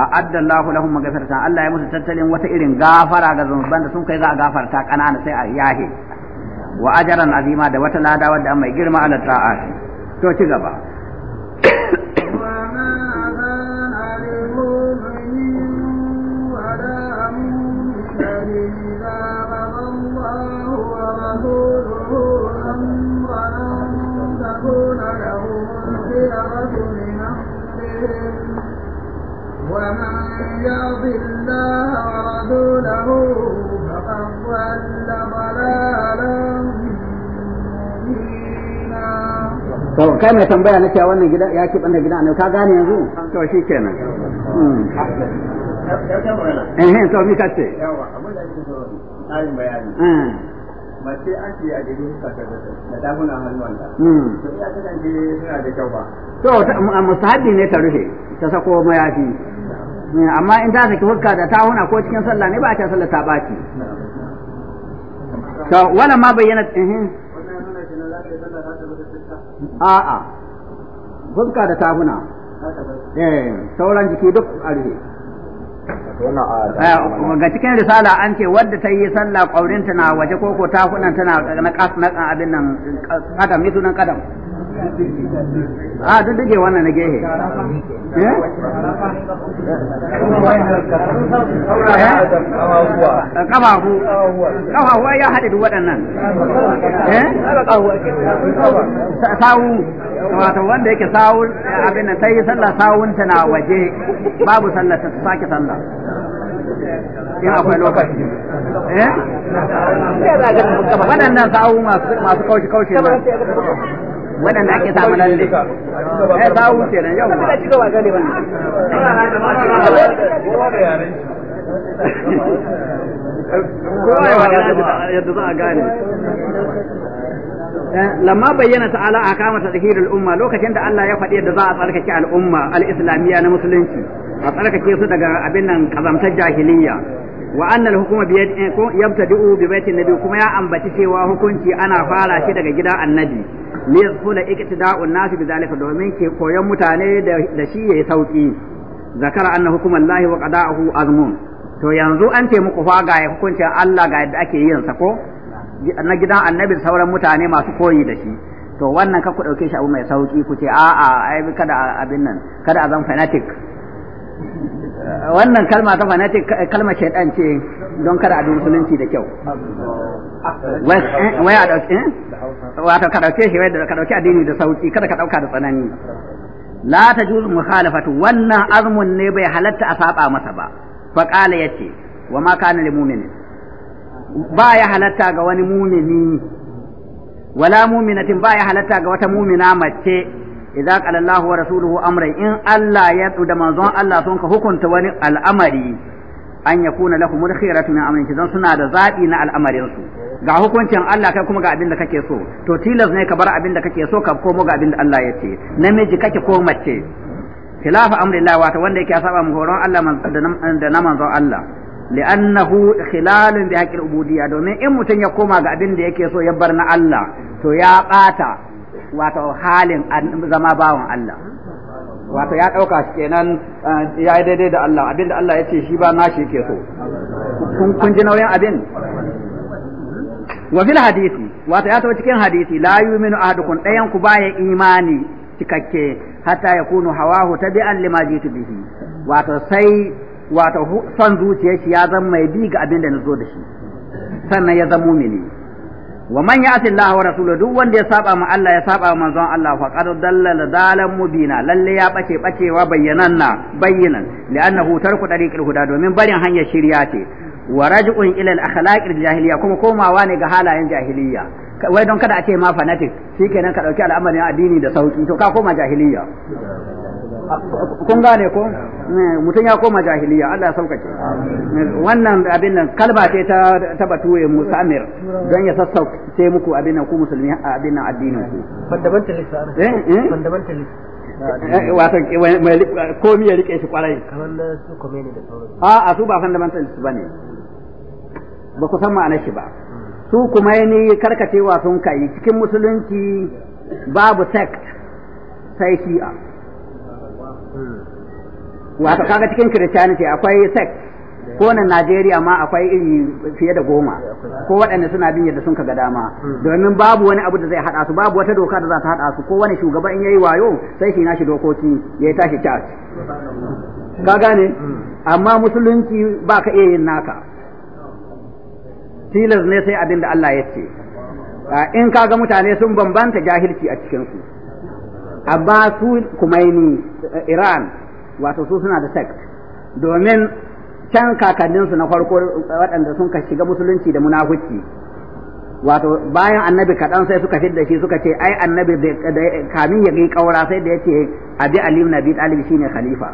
B: a addallahu lahum magfirata Allah ya musu tattalin wata irin gafara ga zunuban da sun kai za a gafarta kanana sai a yahe wa ajran azima da wata lada wadda mai girma ala ta'a to ci gaba
A: ومن
B: to kai mai tambaya nake a wannan gida ya kibanta gida ne ka gane yanzu to shi kenan eh to mi kace
C: yawa abin da ake so ayin bayani hmm. mace an ce a gari da ta, daguna hannuwanta. Hmm. To ina ta kan suna da kyau ba.
B: To mustahabi ne ta rufe ta sako mayafi. Hmm, amma in ta saki fuska da ta huna ko cikin sallah ne ba a ta sallah ta baci. To wannan ma bayyana eh. eh. A'a. Fuska da ta huna. Eh, sauran jiki duk a rufe.
C: Eh, ga cikin
B: risala an ce wadda ta yi sallah ƙaurinta na waje koko takunan tana na abin nan kadam mitunan kadam a ah, duk duke wannan na gehe eh? Eh? kafafu kafafu ya haɗe duk waɗannan eh? sawu wato wanda yake sawu abin da ta yi sallah sawunta na waje babu sallah ta sake sallah in akwai lokaci eh waɗannan sawu masu kaushe-kaushe kaushe waɗanda ake samun nan ne yau ba kowa yadda za a gane eh, lamma bayyana ta'ala a kama ta tsakiyar al'umma lokacin da Allah ya faɗi da za a tsarkake al'umma al'islamiyya na musulunci a tsarkake su daga abin nan kazamtar jahiliyya wa annal hukuma bi eh, yabtadi'u bi baitin nabi kuma ya ambaci cewa hukunci ana fara shi daga gidan annabi li yadkhula iqtida'un nas zalika domin ke koyon mutane da shi yayi sauki zakara anna hukumallahi wa qada'uhu azmun to yanzu an ce muku fa ga hukuncin Allah ga yadda ake yin sa ko na gidan annabi sauran mutane masu koyi da shi to wannan ka ku dauke shi abu mai sauki ku ce a'a ai kada abin nan kada a zan fanatic wannan kalma ta fana ce kalma shaidan ce don kada a musulunci da kyau wai a dauke eh? wato ka dauke shi ka dauke addini da sauki kada ka dauka da tsanani la ta juzu mukhalafatu wannan azmun ne bai halatta a saba masa ba fa qala yace wa ma kana lil mu'min ba ya halatta ga wani mu'mini wala mu'minatin ba ya halatta ga wata mu'mina mace idza qala Allahu wa rasuluhu amran in Allah ya da manzon Allah sun ka hukunta wani al'amari an yakuna lahum al-khiyaratu min amrin kidan suna da zabi na al'amarin su ga hukuncin Allah kai kuma ga abin da kake so to tilas ne ka bar abin da kake so ka komo ga abin da Allah ya ce namiji kake ko mace khilafa Allah wato wanda yake saba mu horon Allah da na manzon Allah li'annahu khilalun bi haqqil ubudiyya domin in mutun ya koma ga abin da yake so ya bar na Allah to ya bata wato halin zama bawan Allah wato ya ɗauka shi kenan eh, ya yi daidai da Allah abin da Allah ya ce shi ba na shi ke so kun ji nauyin abin wa fil hadisi wato ya taɓa cikin hadisi la yuminu ahadukum ɗayan ku baya imani cikakke hatta ya kunu hawahu tabi'an lima jitu bihi wato sai wato son zuciyar shi ya zama mai bi ga abin da na zo da shi sannan ya zama mumini wa man ya'ti Allah wa rasulahu duk wanda ya saba ma Allah ya saba ma manzon Allah fa qad dallala dalan bina lallai ya bace bacewa bayyananna bayyanan li'annahu tarku tariqil guda domin barin hanyar shirya ce wa raj'un ila al-akhlaqil jahiliya kuma komawa ne ga halayen jahiliya wai don kada a ce ma fanatic shikenan ka ɗauki al'amarin addini da sauki to ka koma jahiliya kun gane ko eh, mutum ya koma jahiliya Allah ya sauƙaƙe wannan abin nan kalba ce ta ta batuwe musamir don ya sassauce muku abin nan ku musulmi abin nan addinin ku fundamentalist eh, eh? fundamentalist wato komi ya rike shi kwarai kamar su kome ne da sauransu a su ba su bane ba ku san ma'anar shi ba su kuma ne karkacewa sun kai cikin musulunci babu sect sai shi'a wato kaga cikin christianity akwai sex ko nan Najeriya ma akwai iri fiye da goma ko waɗanda suna bin yadda sun ga dama domin babu wani abu da zai haɗa su babu wata doka da za ta haɗa su ko wani shugaba in yayi wayo sai shi nashi dokoki ya yi tashi cas ka gane amma musulunci ba ka iya yin naka tilas ne sai abin da Allah ya ce in kaga mutane sun bambanta jahilci a cikinsu amma su kumaini iran wato su suna da sect domin can kakanninsu na farko waɗanda sun ka shiga musulunci da munafuci wato bayan annabi kaɗan sai suka fidda shi suka ce ai annabi kamin ya yi ƙaura sai da ya ce abi aliyu na bi shi shine khalifa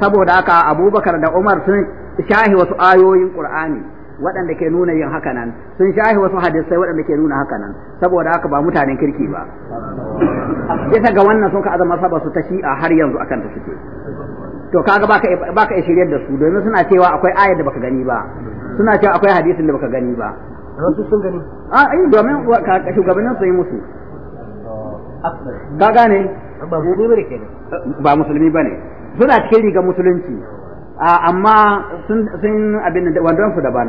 B: saboda haka abubakar da umar sun shahi wasu ayoyin qur'ani waɗanda ke nuna yin haka nan sun shahi wasu hadisai waɗanda ke nuna haka nan saboda haka ba mutanen kirki ba bisa ga wannan sun ka azama saba su ta shi'a har yanzu akan ta suke to kaga baka baka shiryar da su domin suna cewa akwai ayar da baka gani ba suna cewa akwai hadisin da baka gani ba su sun gani a yi domin shugabannin su yi musu oh, ka gane ba musulmi ba ne suna cikin rigar musulunci amma sun abin da wandon su daban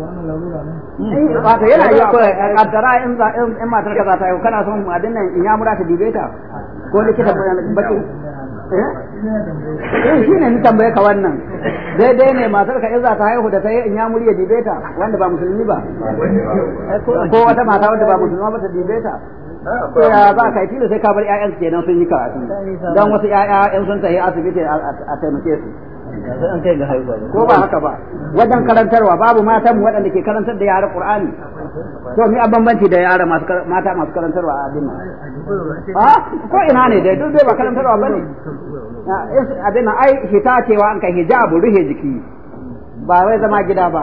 B: Eh, wato yana yi kawai kaddara in in matar ka za ta yi kana son abin nan in ya mura ta dibe ta ko likita baki eh? eh shi ne ni tambaye ka wannan daidai ne matar ka in za ta haihu da ta yi in ya murya dibe ta wanda ba musulmi ba eh, ko wata mata wanda ba musulma ba ta dibe ta ko ya za ka yi tilo sai ka bar ƴaƴan kenan sun yi karatu don wasu yaya in sun tafi asibiti a taimake su sai an kai ga haihuwa ko ba haka ba wajen karantarwa babu matan mu waɗanda ke karantar da yara qur'ani to mi an bambanci da yara masu mata masu karantarwa a addini a ko ina ne dai duk dai ba karantarwa bane abin nan ai hita cewa an kai hijabu ruhe jiki ba wai zama gida ba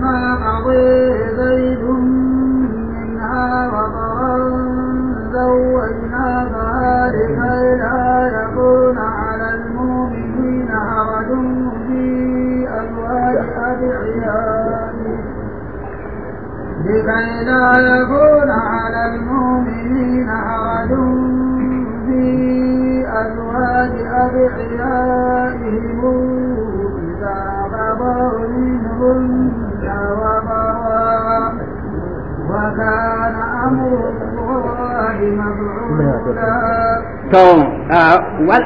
A: ما قضي زيد منها وطرا زوجناها لكي لا يكون على المؤمنين حرج في أزواج أدعيائهم لكي لا يكون على المؤمنين حرج في أزواج أدعيائهم إذا قضوا منهم وكان أمر الله مفعولا to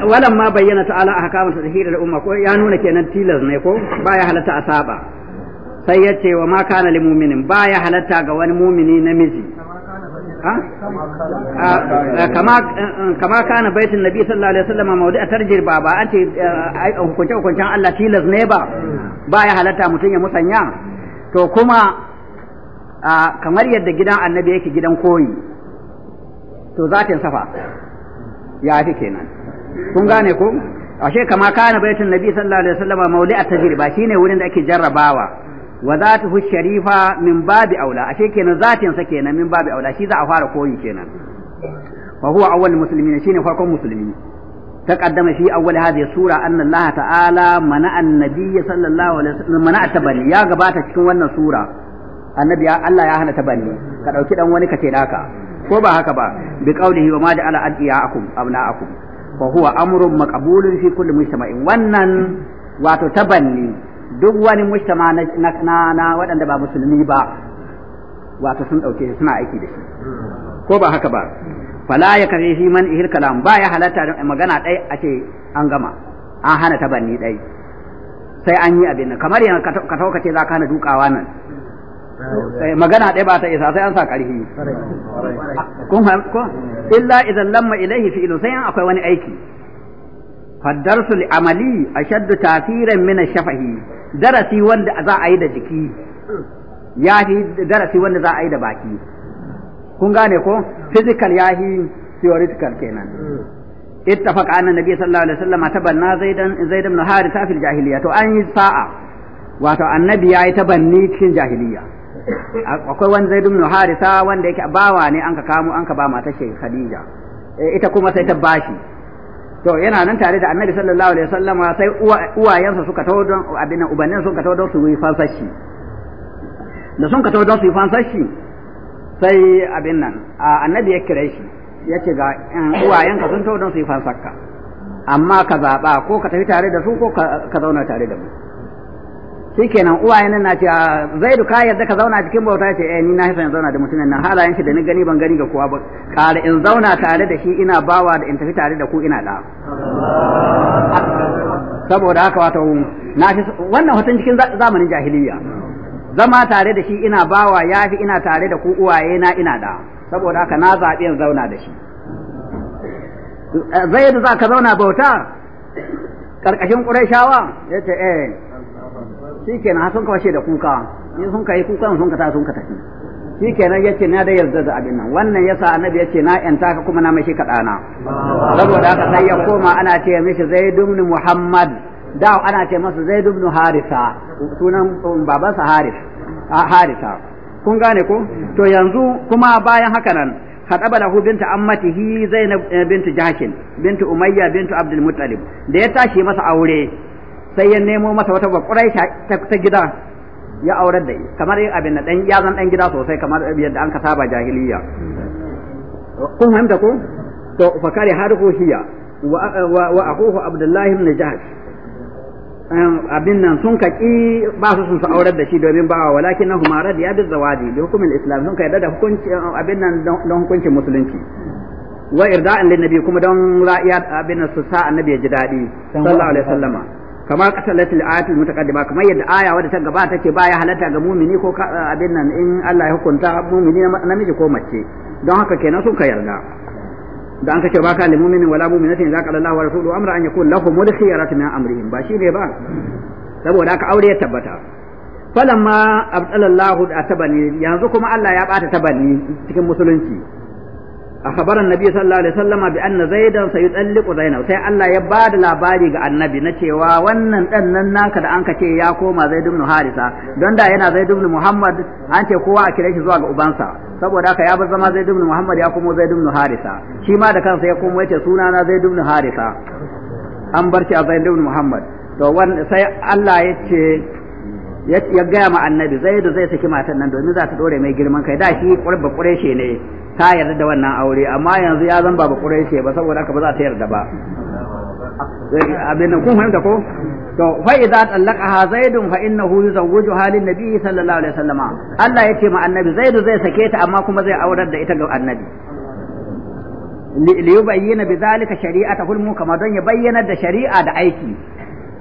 B: walan ma bayyana ta'ala a hakamun tashhir da umma ko ya nuna kenan tilas ne ko baya halatta a saba sai ya ce wa ma kana lil mu'minin baya halatta ga wani mu'mini namiji
C: kama kana
B: baitin nabi sallallahu alaihi wasallam mawdi'a tarjir ba ba an ce hukunce hukuncen Allah tilas ne ba baya halatta mutum ya musanya to kuma kamar yadda gidan annabi yake gidan koyi to zatin safa ya fi kenan kun gane ku ashe kama kana baitun nabi sallallahu alaihi wasallam mawli'a tajriba shine wurin da ake jarrabawa wa zatuhu sharifa min babi aula ashe kenan zatin sa kenan min babi aula shi za a fara koyi kenan wa huwa awwal muslimin shine farkon musulmi تقدم في أول هذه السورة أن الله تعالى منع النبي صلى الله عليه وسلم منع ya gabata cikin wannan sura. annabi Allah ya hana ta bani ka dauki dan wani ka ce naka ko ba haka ba bi qaulihi wa ma ala adiyakum abna'akum fa huwa amrun maqbulun fi kulli mujtama'in wannan wato ta duk wani mujtama na na, na waɗanda ba musulmi ba wato sun dauke suna aiki da shi ko ba haka ba fala ya kare shi man ihil kalam ba ya halatta magana dai a ce an gama an hana ta banni sai an yi abin kamar yanzu ka tauka ce za ka hana dukawa nan Eh, magana ɗaya ba ta isa sai an sa ƙarfi kun ko illa idan lamma ilaihi ilu sai an akwai wani aiki faddarsu a ashaddu tasirin min shafahi darasi wanda za a yi da jiki ya fi darasi wanda za a yi da baki kun gane ko physical ya fi theoretical kenan اتفق alaihi النبي صلى الله عليه وسلم zai زيدا na hari حارثه jahiliya to an yi sa'a wato annabi yayi tabanni cikin jahiliya akwai wani zaidu bin harisa wanda yake bawa ne an ka kamo an ka ba mata shi khadija eh, ita kuma sai ta bashi to yana nan tare da annabi sallallahu alaihi wasallam sai uwayensa suka tawo don abin nan ubannin suka tawo don su yi fansashi da sun ka tawo don su yi fansashi sai abin nan annabi ya kire shi ya ce ga uwayenka sun tawo don su yi fansakka amma ka zaɓa ko ka tafi tare da su ko ka zauna tare da mu shikenan uwaye nan na ce ah, zaidu ka yarda ka zauna cikin bauta ce eh ni na hisa in zauna da mutumin nan halayen shi da ni gani ban gani ga kowa ba kare in zauna tare da shi ina bawa da in tafi tare da ku ina da saboda haka wato na fi wannan hoton cikin zamanin jahiliya zama tare da shi ina bawa yafi ina tare da ku uwaye na ina da saboda haka na zaɓi in zauna da shi eh, zaidu za ka zauna bauta ƙarƙashin ƙurai shawa ya ce eh shikenan sun kawace da kuka in sun kai kukan sun ka sun ka tafi shikenan yace na da yarda da abin nan wannan yasa annabi yace na yanta ka kuma na shi ka dana saboda haka sai ya koma ana ce mishi zaid ibn muhammad da ana ce masa zaid ibn harisa sunan um, babansa haris harisa kun gane ko to yanzu kuma bayan haka nan خطب له ammatihi zainab زينب بنت جهش بنت أمية abdul muttalib da ya tashi masa aure. sai ya nemo masa wata bakurai ta gida ya aure da ita kamar abin na dan yazan dan gida sosai kamar yadda an ka saba jahiliya kun fahimta ko to fa kare harko shiya wa akuhu abdullahi ibn jahsh abin nan sun kaki ba su sun aure da shi domin ba walakin na humara da bil zawaji da hukumin islam sun kai da hukunci abin nan don hukuncin musulunci wa irda'an lin nabi kuma don ra'iyat abin su sa annabi ya ji dadi sallallahu alaihi wasallama kama qasalat al-ayatul mutaqaddima kamar yadda aya wadda ta gabata ce ba halatta ga mumini ko abin nan in Allah ya hukunta mumini namiji ko mace don haka kenan sun ka yarda da an kace baka lil mu'minin wala mu'minatin idza qala Allahu wa rasuluhu amra an yakun lahum al-khiyaratu min amrihim ba shine ba saboda haka aure ya tabbata falamma abdala Allahu yanzu kuma Allah ya bata tabani cikin musulunci akhbara annabi sallallahu alaihi wasallam bi anna zaidan sayutalliqu zainab sai Allah ya ba da labari ga annabi na cewa wannan dan nan naka da anka ce ya koma zaid ibn harisa don da yana zaid ibn muhammad an ce kowa a kire shi zuwa ga ubansa saboda haka ya bar zama zaid ibn muhammad ya komo zaid ibn harisa shi ma da kansa ya komo yace suna na zaid ibn harisa an barci a zaid ibn muhammad to sai Allah ya ce ya gaya ma annabi zai zai saki matan nan domin za ta dore mai girman kai da shi ƙurba ƙureshe ne ta yarda da wannan aure amma yanzu ya zan ƙurai ce ba saboda haka ba za ta yarda ba
C: abin nan kun fahimta
B: ko to fa idza talaqaha zaidun fa innahu yuzawwiju halin nabi sallallahu alaihi wasallama Allah yake ma annabi zaidu zai sake ta amma kuma zai aurar da ita ga annabi liyubayyana bidhalika shari'atahu al kama don ya bayyana da shari'a da aiki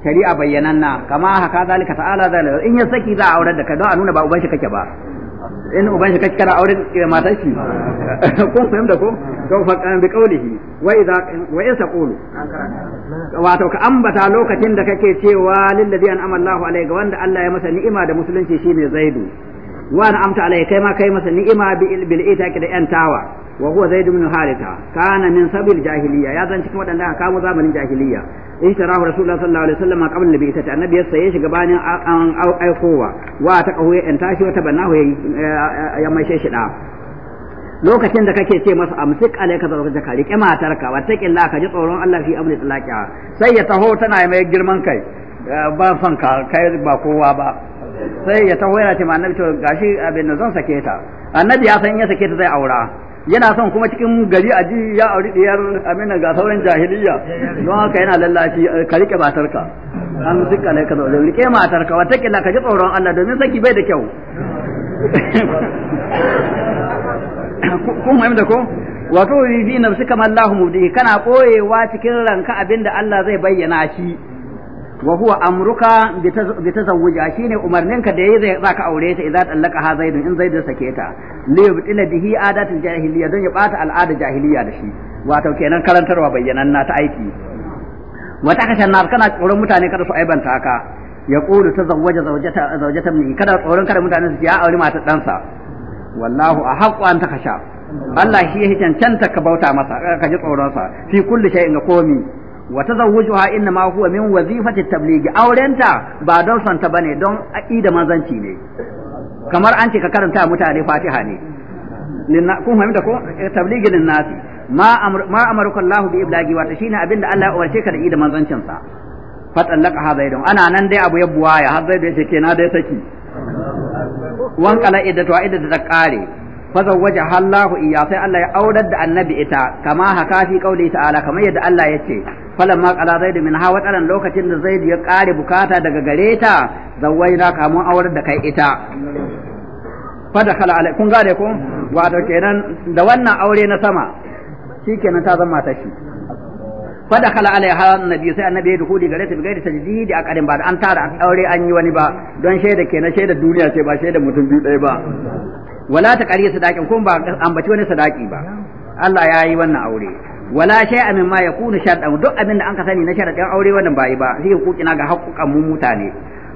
B: shari'a bayyananna kama haka zalika ta'ala zalika in ya saki za a aurar da ka don a nuna ba uban shi kake ba in uban shi kake kana ke mata shi kun fahim da ko to fa bi qawlihi wa idza wa isa qulu wato ka ambata lokacin da kake cewa lil ladhi an amalla Allahu alayhi wanda Allah ya masa ni'ima da musulunci shine Zaidu wa an amta alayhi kai ma kai masa ni'ima bil itaqi da tawa wa huwa zaid ibn haritha kana min sabil jahiliya ya zan cikin wadanda aka kamo zamanin jahiliya ishtarahu rasulullah sallallahu alaihi wasallam qabla nabi ta annabi ya saye shi gabanin an aikowa wa ta kahu ya ya eh, shi da lokacin da kake ce masa amsik alayka zawjaka ka rike matarka wa taqilla ka ji tsoron Allah fi amri talaqiha sai ya taho tana mai girman kai eh, ba son ka kai ba kowa ba sai ya taho yana ce ma annabi to gashi abin da zan sake ta annabi ya san in ya sake ta zai aura yana son kuma cikin gari a ji ya auri diyar amina ga sauran jahiliya don haka yana lallaci ka rike matarka an zika ne ka zaune rike matarka wata kila ka ji tsoron Allah domin saki bai da kyau kun da ko wato yuzi nafsi kamar Allah mubdi kana koyewa cikin ranka abinda Allah zai bayyana shi wa huwa amruka bi ne shine ka da yayi zai zaka aure ta idza tallaka ha zaidun in zaidun sake ta li yubtila bihi adatul jahiliya don ya bata al'ada jahiliyya da shi wato kenan karantarwa na ta aiki wata takashan nar kana tsoron mutane kada su aibanta ka ya qulu tazawwaja zawjata zawjata min kada tsoron kada mutane su ya aure matar dansa wallahu a ahqqu an sha Allah shi ya cancanta ka bauta masa ka ji tsoron sa fi kulli shay'in ga komi wa tazawwujuha inna ma huwa min wazifati tablighi aurenta ba don santa bane don da manzanci ne kamar an ce ka karanta mutane Fatiha ne kun fahimta ko eh, tablighi lin nasi ma amaruka Allah bi iblagi wato shine abinda Allah ya umarce ka da ida manzancin sa fatallaka ha zaidun ana nan dai abu ya buwaya har zaidu yace kenan dai saki wan kala idda to idda ta kare fazawwaja Allahu iya sai Allah ya aurar da annabi ita kama haka fi qauli ta'ala kamar yadda Allah ya ce ma qala zaid min ha wataran lokacin da zaid ya kare bukata daga gare ta zawwaina ka mun aurar da kai ita kala alai kun gane ko wato kenan da wannan aure na sama shikenan ta zama ta shi fadakhala alaiha annabi sai annabi ya dukuli gare ta bigaida tajdidi a karin ba da an tara aure an yi wani ba don shaida kenan shaida duniya ce ba shaida mutum biyu ɗaya ba wala ta ƙariya sadakin kuma ba ambaci wani sadaki ba Allah ya yi wannan aure wala shay amin ma yakunu shartan duk abin da an ka sani na sharadin aure wannan bai ba sai hukukina ga haƙƙoƙan mu mutane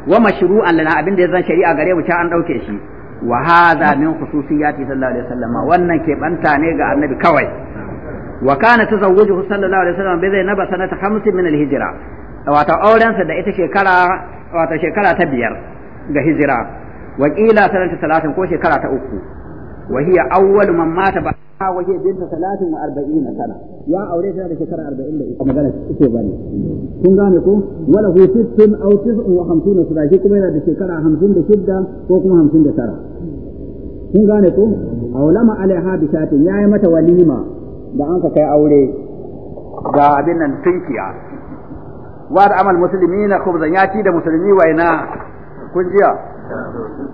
B: wa mashru'an lana abin da zan shari'a gare mu ta an dauke shi wa hadha min khususiyati sallallahu alaihi wasallam wannan ke banta ne ga annabi kawai wa kana tazawwujuhu sallallahu alaihi wasallam bi zainab sanata 50 min al-hijra wato aurensa da ita shekara wato shekara ta biyar ga hijira وقيل سنة ثلاث كوشي كرة أكو وهي أول من مات بعدها وهي بنت ثلاث وأربعين سنة يا أولي سنة شكرة أربعين لإيه أما قالت إتباني كن غانكو وله ست أو تسع وخمسون سنة شكو بينا شكرة خمسون بشدة وكم خمسون بسرة kun gane ko aulama alaiha bi shatin yayi mata walima da an ka kai aure ga abin nan tunkiya wa da amal muslimina khubzan ya ci da musulmi waina kun jiya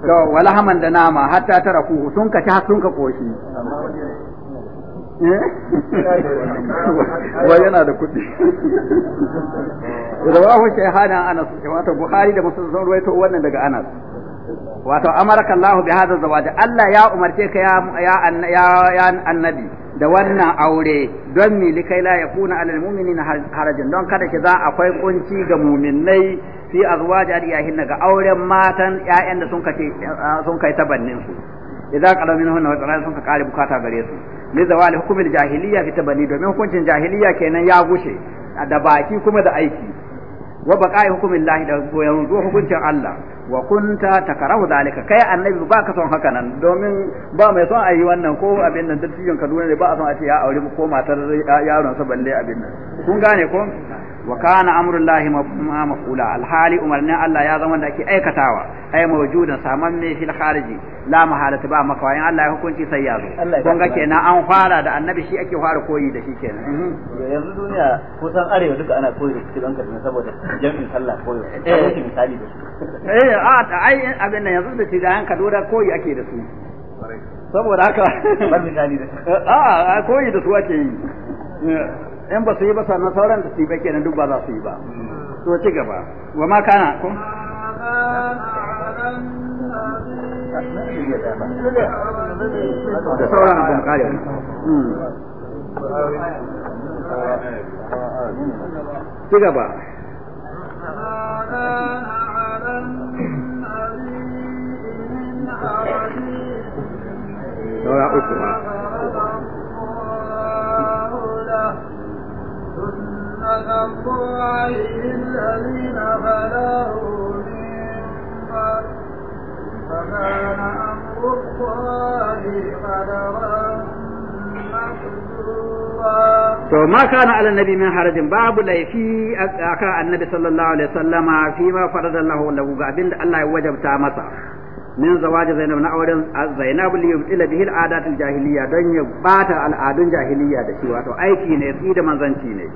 B: to wala haman da nama hatta tara rafu sun ka ta sun ka koshi eh? wa yana da kuɗi rawahu shaykhana anas wato bukhari da muslim sun ruwaito wannan daga anas wato amarakallahu allah bi hadha zawaj allah ya umarce ka ya ya annabi da wannan aure don mi likai la kuna alal mu'minina harajin don kada ki za akwai kunci ga mu'minai fi azwaj aliyahin ga auren matan ƴaƴan da sun kace eh, sun kai tabannin su idza qala minhunna wa tsara sun ka kare bukata gare su li zawali hukumin jahiliya fi tabanni domin hukuncin jahiliya kenan ya gushe da baki kuma da aiki wa baqa'i lahi da yanzu hukuncin Allah wa kunta takarahu zalika kai annabi ba ka son haka nan domin ba mai son ayi wannan ko abin nan dattijon Kaduna ne ba a son a ce ya aure ko matar yaron sa balle abin nan kun gane ko wa kana amrullahi maf'ula alhali umarnin Allah ya zama da ake aikatawa ay mawjudan samanne fil khariji la ta ba maka wayan Allah ya hukunci sai ya zo kun ga kenan an fara da annabi shi ake fara koyi da shi kenan mhm. yanzu duniya kusan arewa duka ana koyi da shi don kaduna saboda jami'in sallah koyo eh misali da su eh a ai abin nan yanzu da tijayan kaduna koyi ake da su saboda haka bar misali da a koyi da su ake yi eh, in ba su yi ba sannan sauran da su yi ba kenan duk ba za su yi ba mm. to ci gaba wa ma kana kun
A: da hmm.
C: ci gaba saura
A: uku الذين To ma kana
B: ala nabi min harajin babu laifi akan annabi sallallahu alaihi wasallama fi ma farada Allah lahu ga abinda Allah ya wajabta masa min zawaj Zainab na auren Zainab li yubtila bihi al'adat al-jahiliya don ya bata al'adun jahiliya da shi wato aiki ne tsi da manzanci ne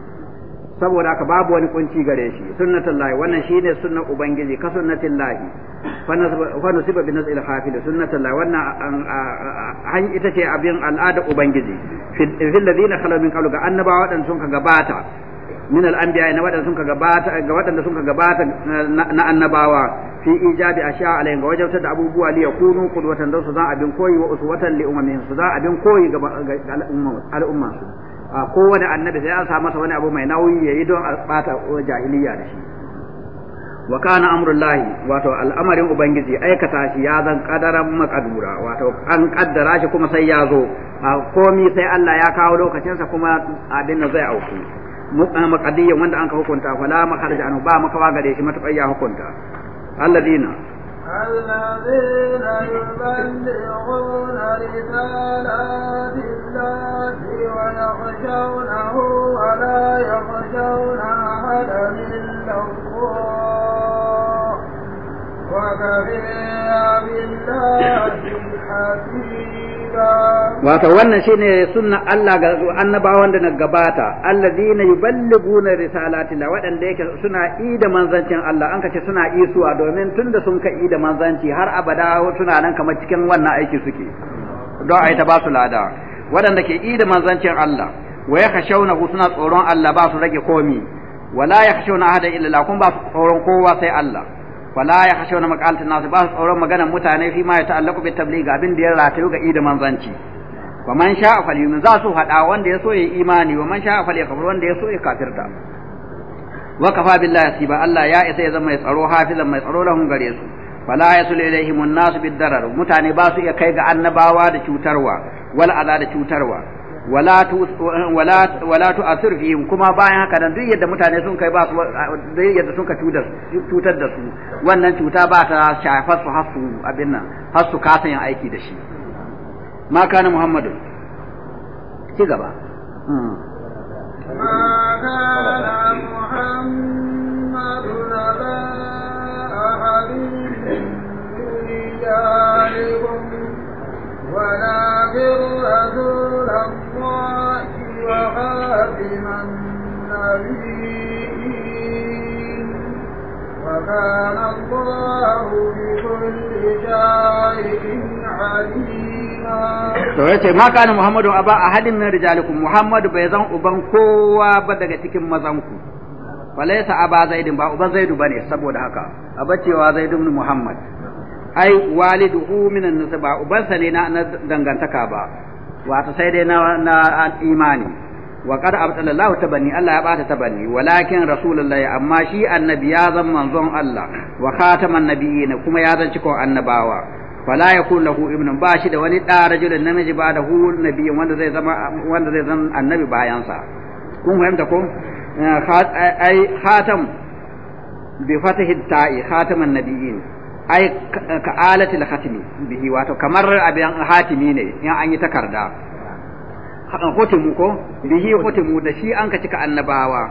B: saboda haka babu wani kunci gare shi sunnatullahi wannan shine sunnar ubangiji ka sunnatullahi fa nusiba bi nazil hafil sunnatullahi wannan han ita ce abin al'ada ubangiji fil ladina khala min qablu ga annabawa wadan sun ka gabata min al anbiya na wadan sun ka gabata ga wadan sun ka gabata na annabawa fi ijabi asha alayhi ga wajabta da abubuwa li yakunu qudwatan dan su za abin koyi wa uswatan li ummin su za abin koyi ga al'umma su a kowane annabi sai an sa masa wani abu mai nauyi yayi don a bata jahiliya da shi wa kana amrullahi wato al'amarin ubangiji aikata shi ya zan kadaran makadura wato an kaddara shi kuma sai ya zo komi sai Allah ya kawo lokacinsa kuma abin da zai auku muqaddiyan wanda an ka hukunta fala makharaja anu ba makawa gare shi matakai ya hukunta alladina
A: الذين يبلغون رسالات الله ويخشونه ولا يخشون أحدا إلا الله وكفي بالله حكيما wato wannan
B: shine sunna Allah ga annabawan da na gabata gunar yuballiguna risalatillah waɗanda yake suna da manzancin Allah an kace suna isuwa domin tunda sun ka da manzanci har abada suna nan kamar cikin wannan aiki suke don yi ta ba su lada waɗanda ke da manzancin Allah wa yakhshawna suna tsoron Allah ba su rage komi wala yakhshawna hada illa kun ba su tsoron kowa sai Allah wala ya kashe wani makalat nasu, ba su tsoron maganar mutane fi ma ya ta'allaku bi ga abin da ya ratayu ga idan manzanci wa man sha a fali za su hada wanda ya so ya imani wa man sha a ya falyakfur wanda ya so ya kafirta wa kafa billahi ba Allah ya isa ya zama ya tsaro hafizan mai tsaro lahun gare su ya yasul ilaihim an nasu bid-darar mutane ba su iya kai ga annabawa da cutarwa wal da cutarwa wala tu asir fihim kuma bayan haka nan duk yadda mutane sun kai ba su yadda sun ka cutar da su wannan cuta ba ta shafar su hasu abin nan hasu kasan yin aiki da shi ma kana muhammadu ci gaba hmm.
A: ma kana muhammadu laba ahadin ونافر رسول الله وخاتم النبيين وكان الله بكل شيء عليما to ya ce ma kana
B: muhammadu a halin min rijalikum muhammadu bai zan uban kowa ba daga cikin mazanku falaisa ba zaidin ba uban zaidu ne saboda haka a cewa zaidun muhammad ai waliduhu min nasaba ubansa ne na dangantaka ba wato sai dai na na imani wa qad abtala Allah tabanni Allah ya bata tabanni walakin rasulullahi amma shi annabi ya zan manzon Allah wa khataman nabiyina kuma ya zan cikon annabawa fala yakun lahu ibnun ba shi da wani da rajulun namiji ba da hu nabiyin wanda zai zama wanda zai zan annabi bayan sa kun fahimta ko eh, ai khatam bi fatihi ta'i khataman nabiyina ai ka alatil hatimi bihi wato kamar abin hatimi ne in an yi takarda hotimu ko bihi hotimu da shi an ka cika annabawa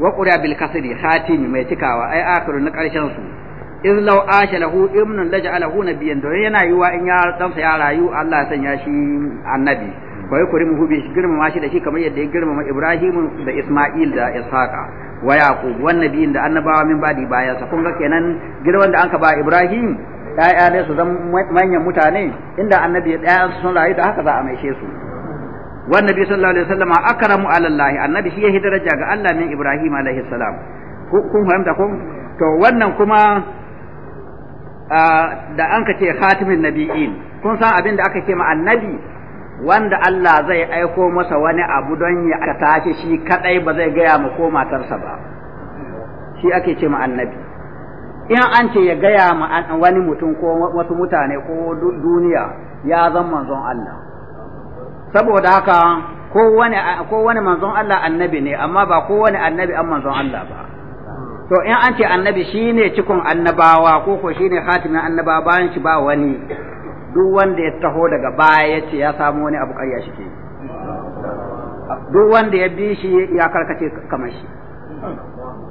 B: wa qura bil kasri hatimi mai cikawa ai akhiru na karshen su iz law asha lahu ibnun laj'alahu nabiyyan da yana yiwa in ya dan sa ya rayu Allah ya sanya shi annabi fa yakrimuhu bi girmama shi da shi kamar yadda ya girmama Ibrahim da Isma'il da Ishaqa wa yaqub wan nabiyin da annabawa min badi bayan sa kun ga kenan girman da anka ba ibrahim ya ne su zan manyan mutane inda annabi ɗaya sun rayu da haka za a maishe su wan nabi sallallahu alaihi wasallam akramu ala allah annabi shi ya daraja ga Allah min ibrahim alaihi salam kun fahimta kun to wannan kuma da anka ce khatimin nabiyin kun san abin da aka ce ma annabi wanda Allah zai aiko masa wani abu don ya aikata shi shi kadai ba zai gaya ma ko matarsa ba shi ake ce ma annabi in an ce ya gaya ma wani mutum ko wasu mutane ko duniya ya zan manzon Allah saboda haka ko wani manzon Allah annabi ne amma ba ko wani annabi an manzon Allah ba to in an ce annabi shine cikon annabawa ko ko shine khatimin annabawa bayan shi ba wani duk wanda ya taho daga baya ya ce ya samu wani abu ƙarya shi ke duk wanda ya bi shi ya karkace kamar shi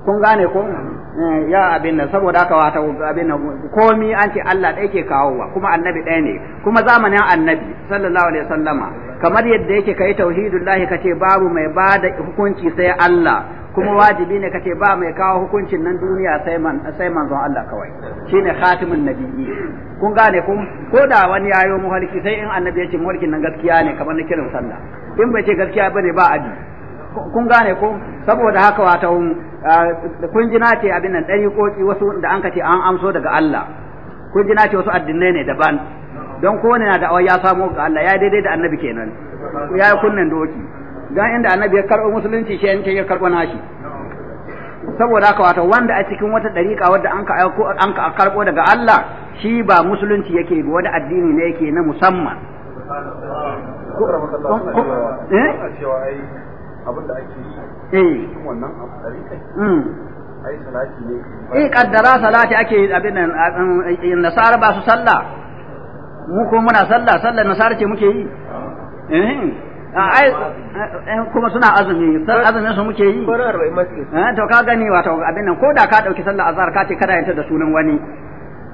B: kun gane ko eh, ya abin nan saboda haka wata abin nan komi an ce Allah ɗaya ke kawowa kuma annabi ɗaya ne kuma zamanin annabi sallallahu alaihi wasallama kamar yadda yake kai tauhidullahi kace babu mai bada hukunci sai Allah kuma wajibi ne kace ba mai kawo hukuncin nan duniya sai man sai manzon Allah kawai shine khatimun nabiyyi kun gane kun ko da wani yayo muhalki sai in annabi ya ce muhalkin nan gaskiya ne kamar na kiran sallah in bai ce gaskiya bane ba abi kun gane ko saboda haka wata ah, kun ji na ce abin nan dari koki wasu da an kace an amso daga Allah kun ji na ce wasu addinai ne daban don kowane na da ya samo ga Allah ya daidai da annabi kenan ya yi kunnen doki don inda annabi ya karɓo musulunci shi yanke ya karɓo nashi saboda haka wato wanda a cikin wata ɗariƙa wadda an ka an ka karɓo daga Allah shi ba musulunci yake ba wani addini ne yake na musamman
C: eh, eh? kaddara eh. hmm. eh, salati
B: ake abin nan um, nasara ba su sallah mu ko muna sallah sallar nasara ce muke yi
C: ah.
B: eh Eh, eh, kuma suna azumi san azumin su muke yi eh, to ka gani wato abin nan ko da ka dauki sallar azhar ka ce kada yanta da sunan wani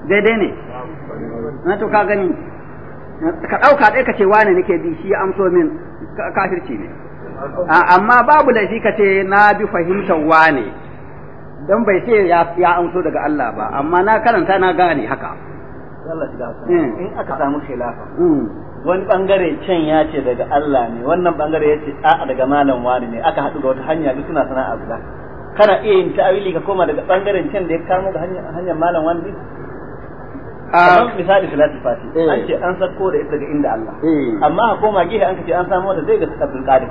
B: daidai ne na to ka gani ka dauka dai ka ce wani nake bi shi amso min kafirci ne amma babu laifi ka ce na bi fahimtar wani dan bai ce ya amso daga Allah ba amma na karanta na gane haka in aka samu khilafa hmm. wani bangare can ya ce daga Allah ne wannan bangare ya ce a'a daga malam wani ne aka haɗu ga wata hanya duk suna sana'a guda kana iya yin ta'awili ka koma daga bangaren can da ya kamo ga hanyar malam wani a ah. misali Fati. Eh. an ce an sako da ita daga inda Allah eh. amma a koma gehe an ce an samu da zai ga Abdul Qadir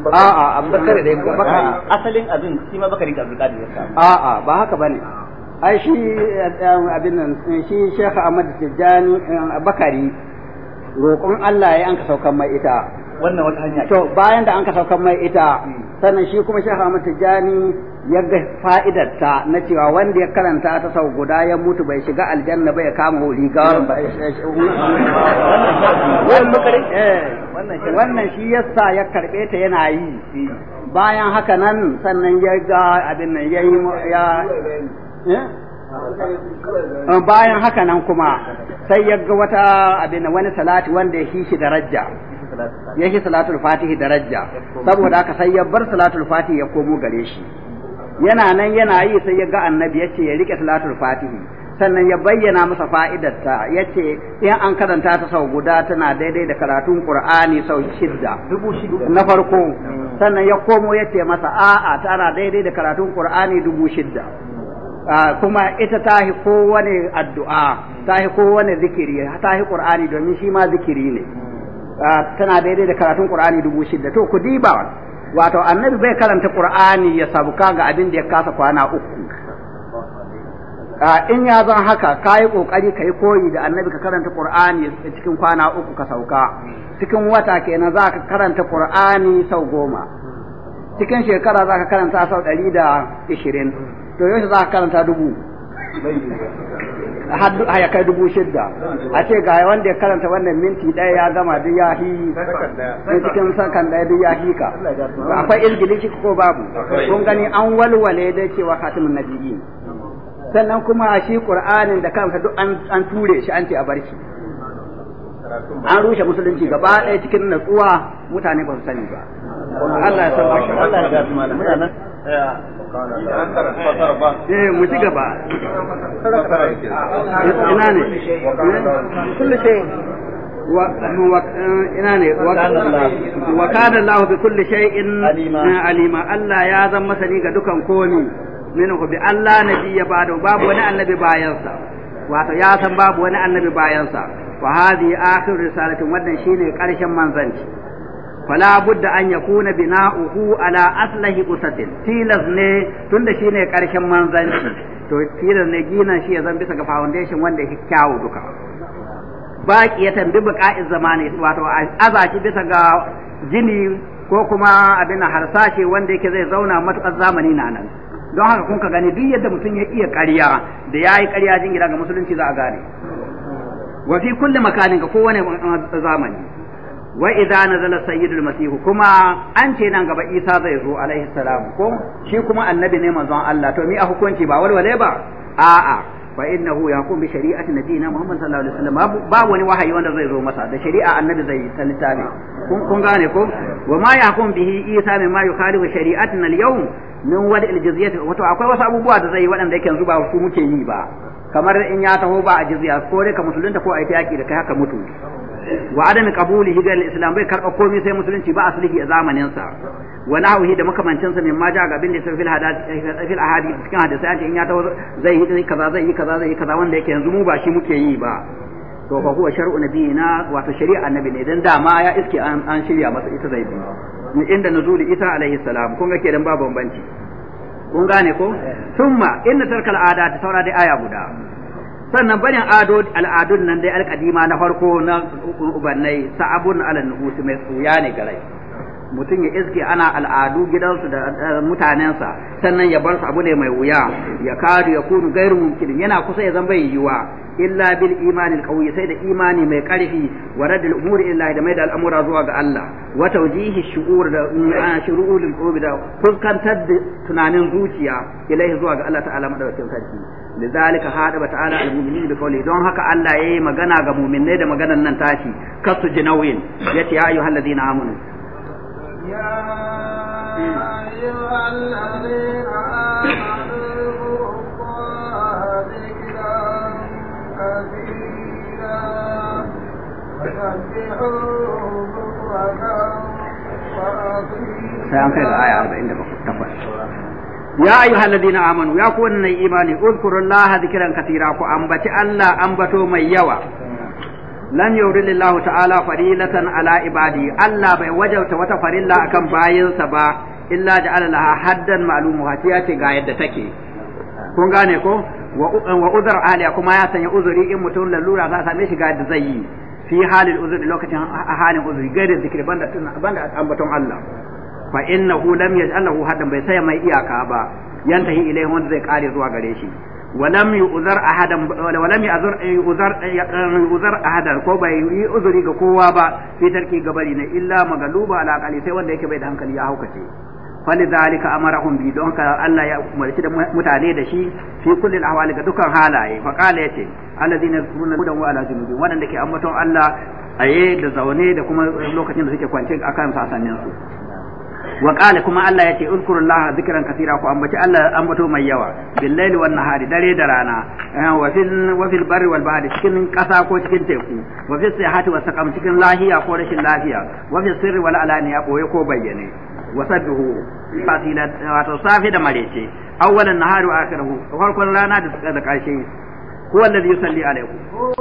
B: a'a Abdul da yake bakari asalin abin shi ma bakari Abdul Qadir ya samu a'a ba haka bane ai shi eh, abin nan shi Sheikh Ahmad Tijjani Bakari roƙon Allah ya yi an ka saukan mai ita wannan wata hanya to bayan da an ka saukan mai ita sannan shi kuma Sheikh Ahmad Tijani ya ga fa'idar ta na cewa wanda ya karanta ta sau guda ya mutu bai shiga aljanna ba ya kama holi ba wannan shi yasa ya karbe ta yana yi bayan haka nan sannan ya ga abin nan ya yi eh?
C: Um, bayan haka nan kuma
B: sai ya ga wata abin wani salati wanda ya shi daraja ya shi salatul fatihi daraja saboda haka sai ya bar salatul fatihi ya komo gare shi yana nan yana yi sai ya ga annabi ya ce ya rike salatul fatihi sannan ya bayyana masa fa'idarta yace in an karanta ta sau guda tana daidai da karatun qur'ani sau shidda na farko sannan ya komo yace masa a'a tana daidai da karatun qur'ani dubu shidda Ah, kuma ita ta tahi kowane addu'a ta tahi kowane zikiri ta tahi ƙur'ani domin shi ma zikiri ne ah, tana daidai da karatun ƙur'ani dubu shida to ku diba wato annabi bai karanta qur'ani ya sabuka ga abin da ya kasa kwana uku ah, in ya zan haka ka yi ƙoƙari ka yi koyi da annabi ka karanta ƙur'ani cikin kwana uku ka sauka cikin wata kenan za ka karanta ƙur'ani sau goma cikin shekara za ka karanta sau ɗari da ishirin to yau za ka karanta dubu
C: A har a kai dubu shidda a ce
B: ga wanda ya karanta wannan minti ɗaya ya gama duk ya hi sai cikin sakan ɗaya duk ya hi ka akwai ilgili ko babu kun gani an walwale da cewa na nabiyyi sannan kuma shi qur'anin da kansa duk an ture shi an ce a barci
C: an rushe musulunci
B: gaba ɗaya cikin natsuwa mutane ba su sani ba Allah eh mu ci gaba ina ne kullu shay eh, ina ne wa kana Allah bi kulli shay'in alima eh, Allah ya zan masani ga dukan komi minhu bi Allah ya ba'da babu wani annabi bayansa wato ya san babu wani annabi bayansa wa hadhi akhir risalatin wannan shine karshen manzanci fala budda an yakuna bina'uhu ala aslahi usatin tilas ne tunda shine karshen manzanci to tilas ne gina shi ya zan bisa ga foundation wanda ya kyawu duka baki ya tambi buƙa'i zamani wato azashi bisa ga gini ko kuma abin harsashe wanda yake zai zauna matuƙar zamani na nan don haka kun ka gani duk yadda mutum ya iya ƙarya da ya yi ƙarya jingina ga musulunci za a gane wa fi kulli makanin ga kowane zamani wa idza nazala sayyidul masih kuma an ce nan gaba isa zai zo alaihi salam ko shi kuma annabi ne manzon Allah to mi a hukunci ba walwale ba a'a fa innahu yaqum bi shari'ati nabiyina muhammad sallallahu alaihi wasallam ba wani wahayi wanda zai zo masa da shari'a annabi zai yi ta littafi kun kun gane ko wa ma yaqum bihi isa min ma yukhalifu shari'atina al-yawm min wadi al-jizyati wato akwai wasu abubuwa da zai yi waɗanda yake yanzu ba su muke yi ba kamar in ya taho ba a jizya ko dai ka musulunta ko a yi yaki da kai haka mutu wa adami qabuli higal islam bai karba komai sai musulunci ba aslihi a zamanin sa wa nahwihi da makamancin sa mimma ja ga bin da fil hadath fil ahadith cikin hadisi an ce in ya tawo zai yi kaza zai yi kaza zai yi kaza wanda yake yanzu mu ba shi muke yi ba to fa huwa shar'u nabiyina wato shari'a annabi ne idan ma ya iske an an shirya masa ita zai bi inda nuzuli isa alaihi salam kun ga kenan ba bambanci kun gane ko summa eh. inna tarkal adati saura dai aya guda sannan barin ado al'adun nan dai alƙadima na farko na ubannai sa'abun ala nuhusi mai tsuya ne garai mutum ya iske ana al'adu gidansu da mutanensa sannan ya bar su abu ne mai wuya ya kadu ya kunu gairu mumkin yana kusa ya zama yi yiwa illa bil imanin qawiyyi sai da imani mai karfi wa radil umuri illahi da mai da al'amura zuwa ga Allah wa tawjihi shu'ur da shuru'ul qulubi da fuskantar da tunanin zuciya ilahi zuwa ga Allah ta'ala madaukakin sarki lidhalika hadaba ta'ala almu'minin bi qawli don haka Allah yi magana ga mu'minai da maganan nan tashi kasu jinawin yace ya ayyuhal ladina amanu
A: ya ayyuhal ladina amanu
C: sai an
B: ya ayyuhal na amanu ya ku wannan imani uzkurullaha kiran katira ku ambaci Allah ambato mai yawa lan yuridillahu ta'ala farilatan ala ibadi Allah bai wajauta wata farilla akan bayansa ba illa ja'ala laha haddan ma'lumu hatiya ce ga yadda take kun gane ko wa uzur ahliya kuma ya sanya uzuri in mutum lalura za same shi ga yadda zai yi fi halin uzuri lokacin halin uzuri gairin zikir banda ambaton Allah fa innahu lam yaj'alahu hadan bai saya mai iyaka ba yantahi ilayhi wanda zai kare zuwa gare shi wa يؤذر احدا ولم يؤذر ko bai yi uzuri ga kowa ba fi tarki gabari ne illa magaluba ala sai wanda yake bai da hankali ya haukace falidhalika amarahum bi don ka Allah ya umarci da mutane da shi fi kulli ahwali ga dukkan halaye fa qala yace alladhina yadhkuruna mudan wa ala junubi wadanda ke ambaton Allah aye da zaune da kuma lokacin da suke kwance akan sasannin su wa qala kuma Allah yace uzkurullaha zikran kaseera ko ambaci Allah ambato mai yawa bil laili wan nahari dare da rana eh, wa fil wa fil barri wal cikin kasa ko cikin teku wa fis sihati wa saqam cikin lahiya ko rashin lafiya wa sirri wal ko ko bayyane wa sabbihu fasilat da marece awwalan da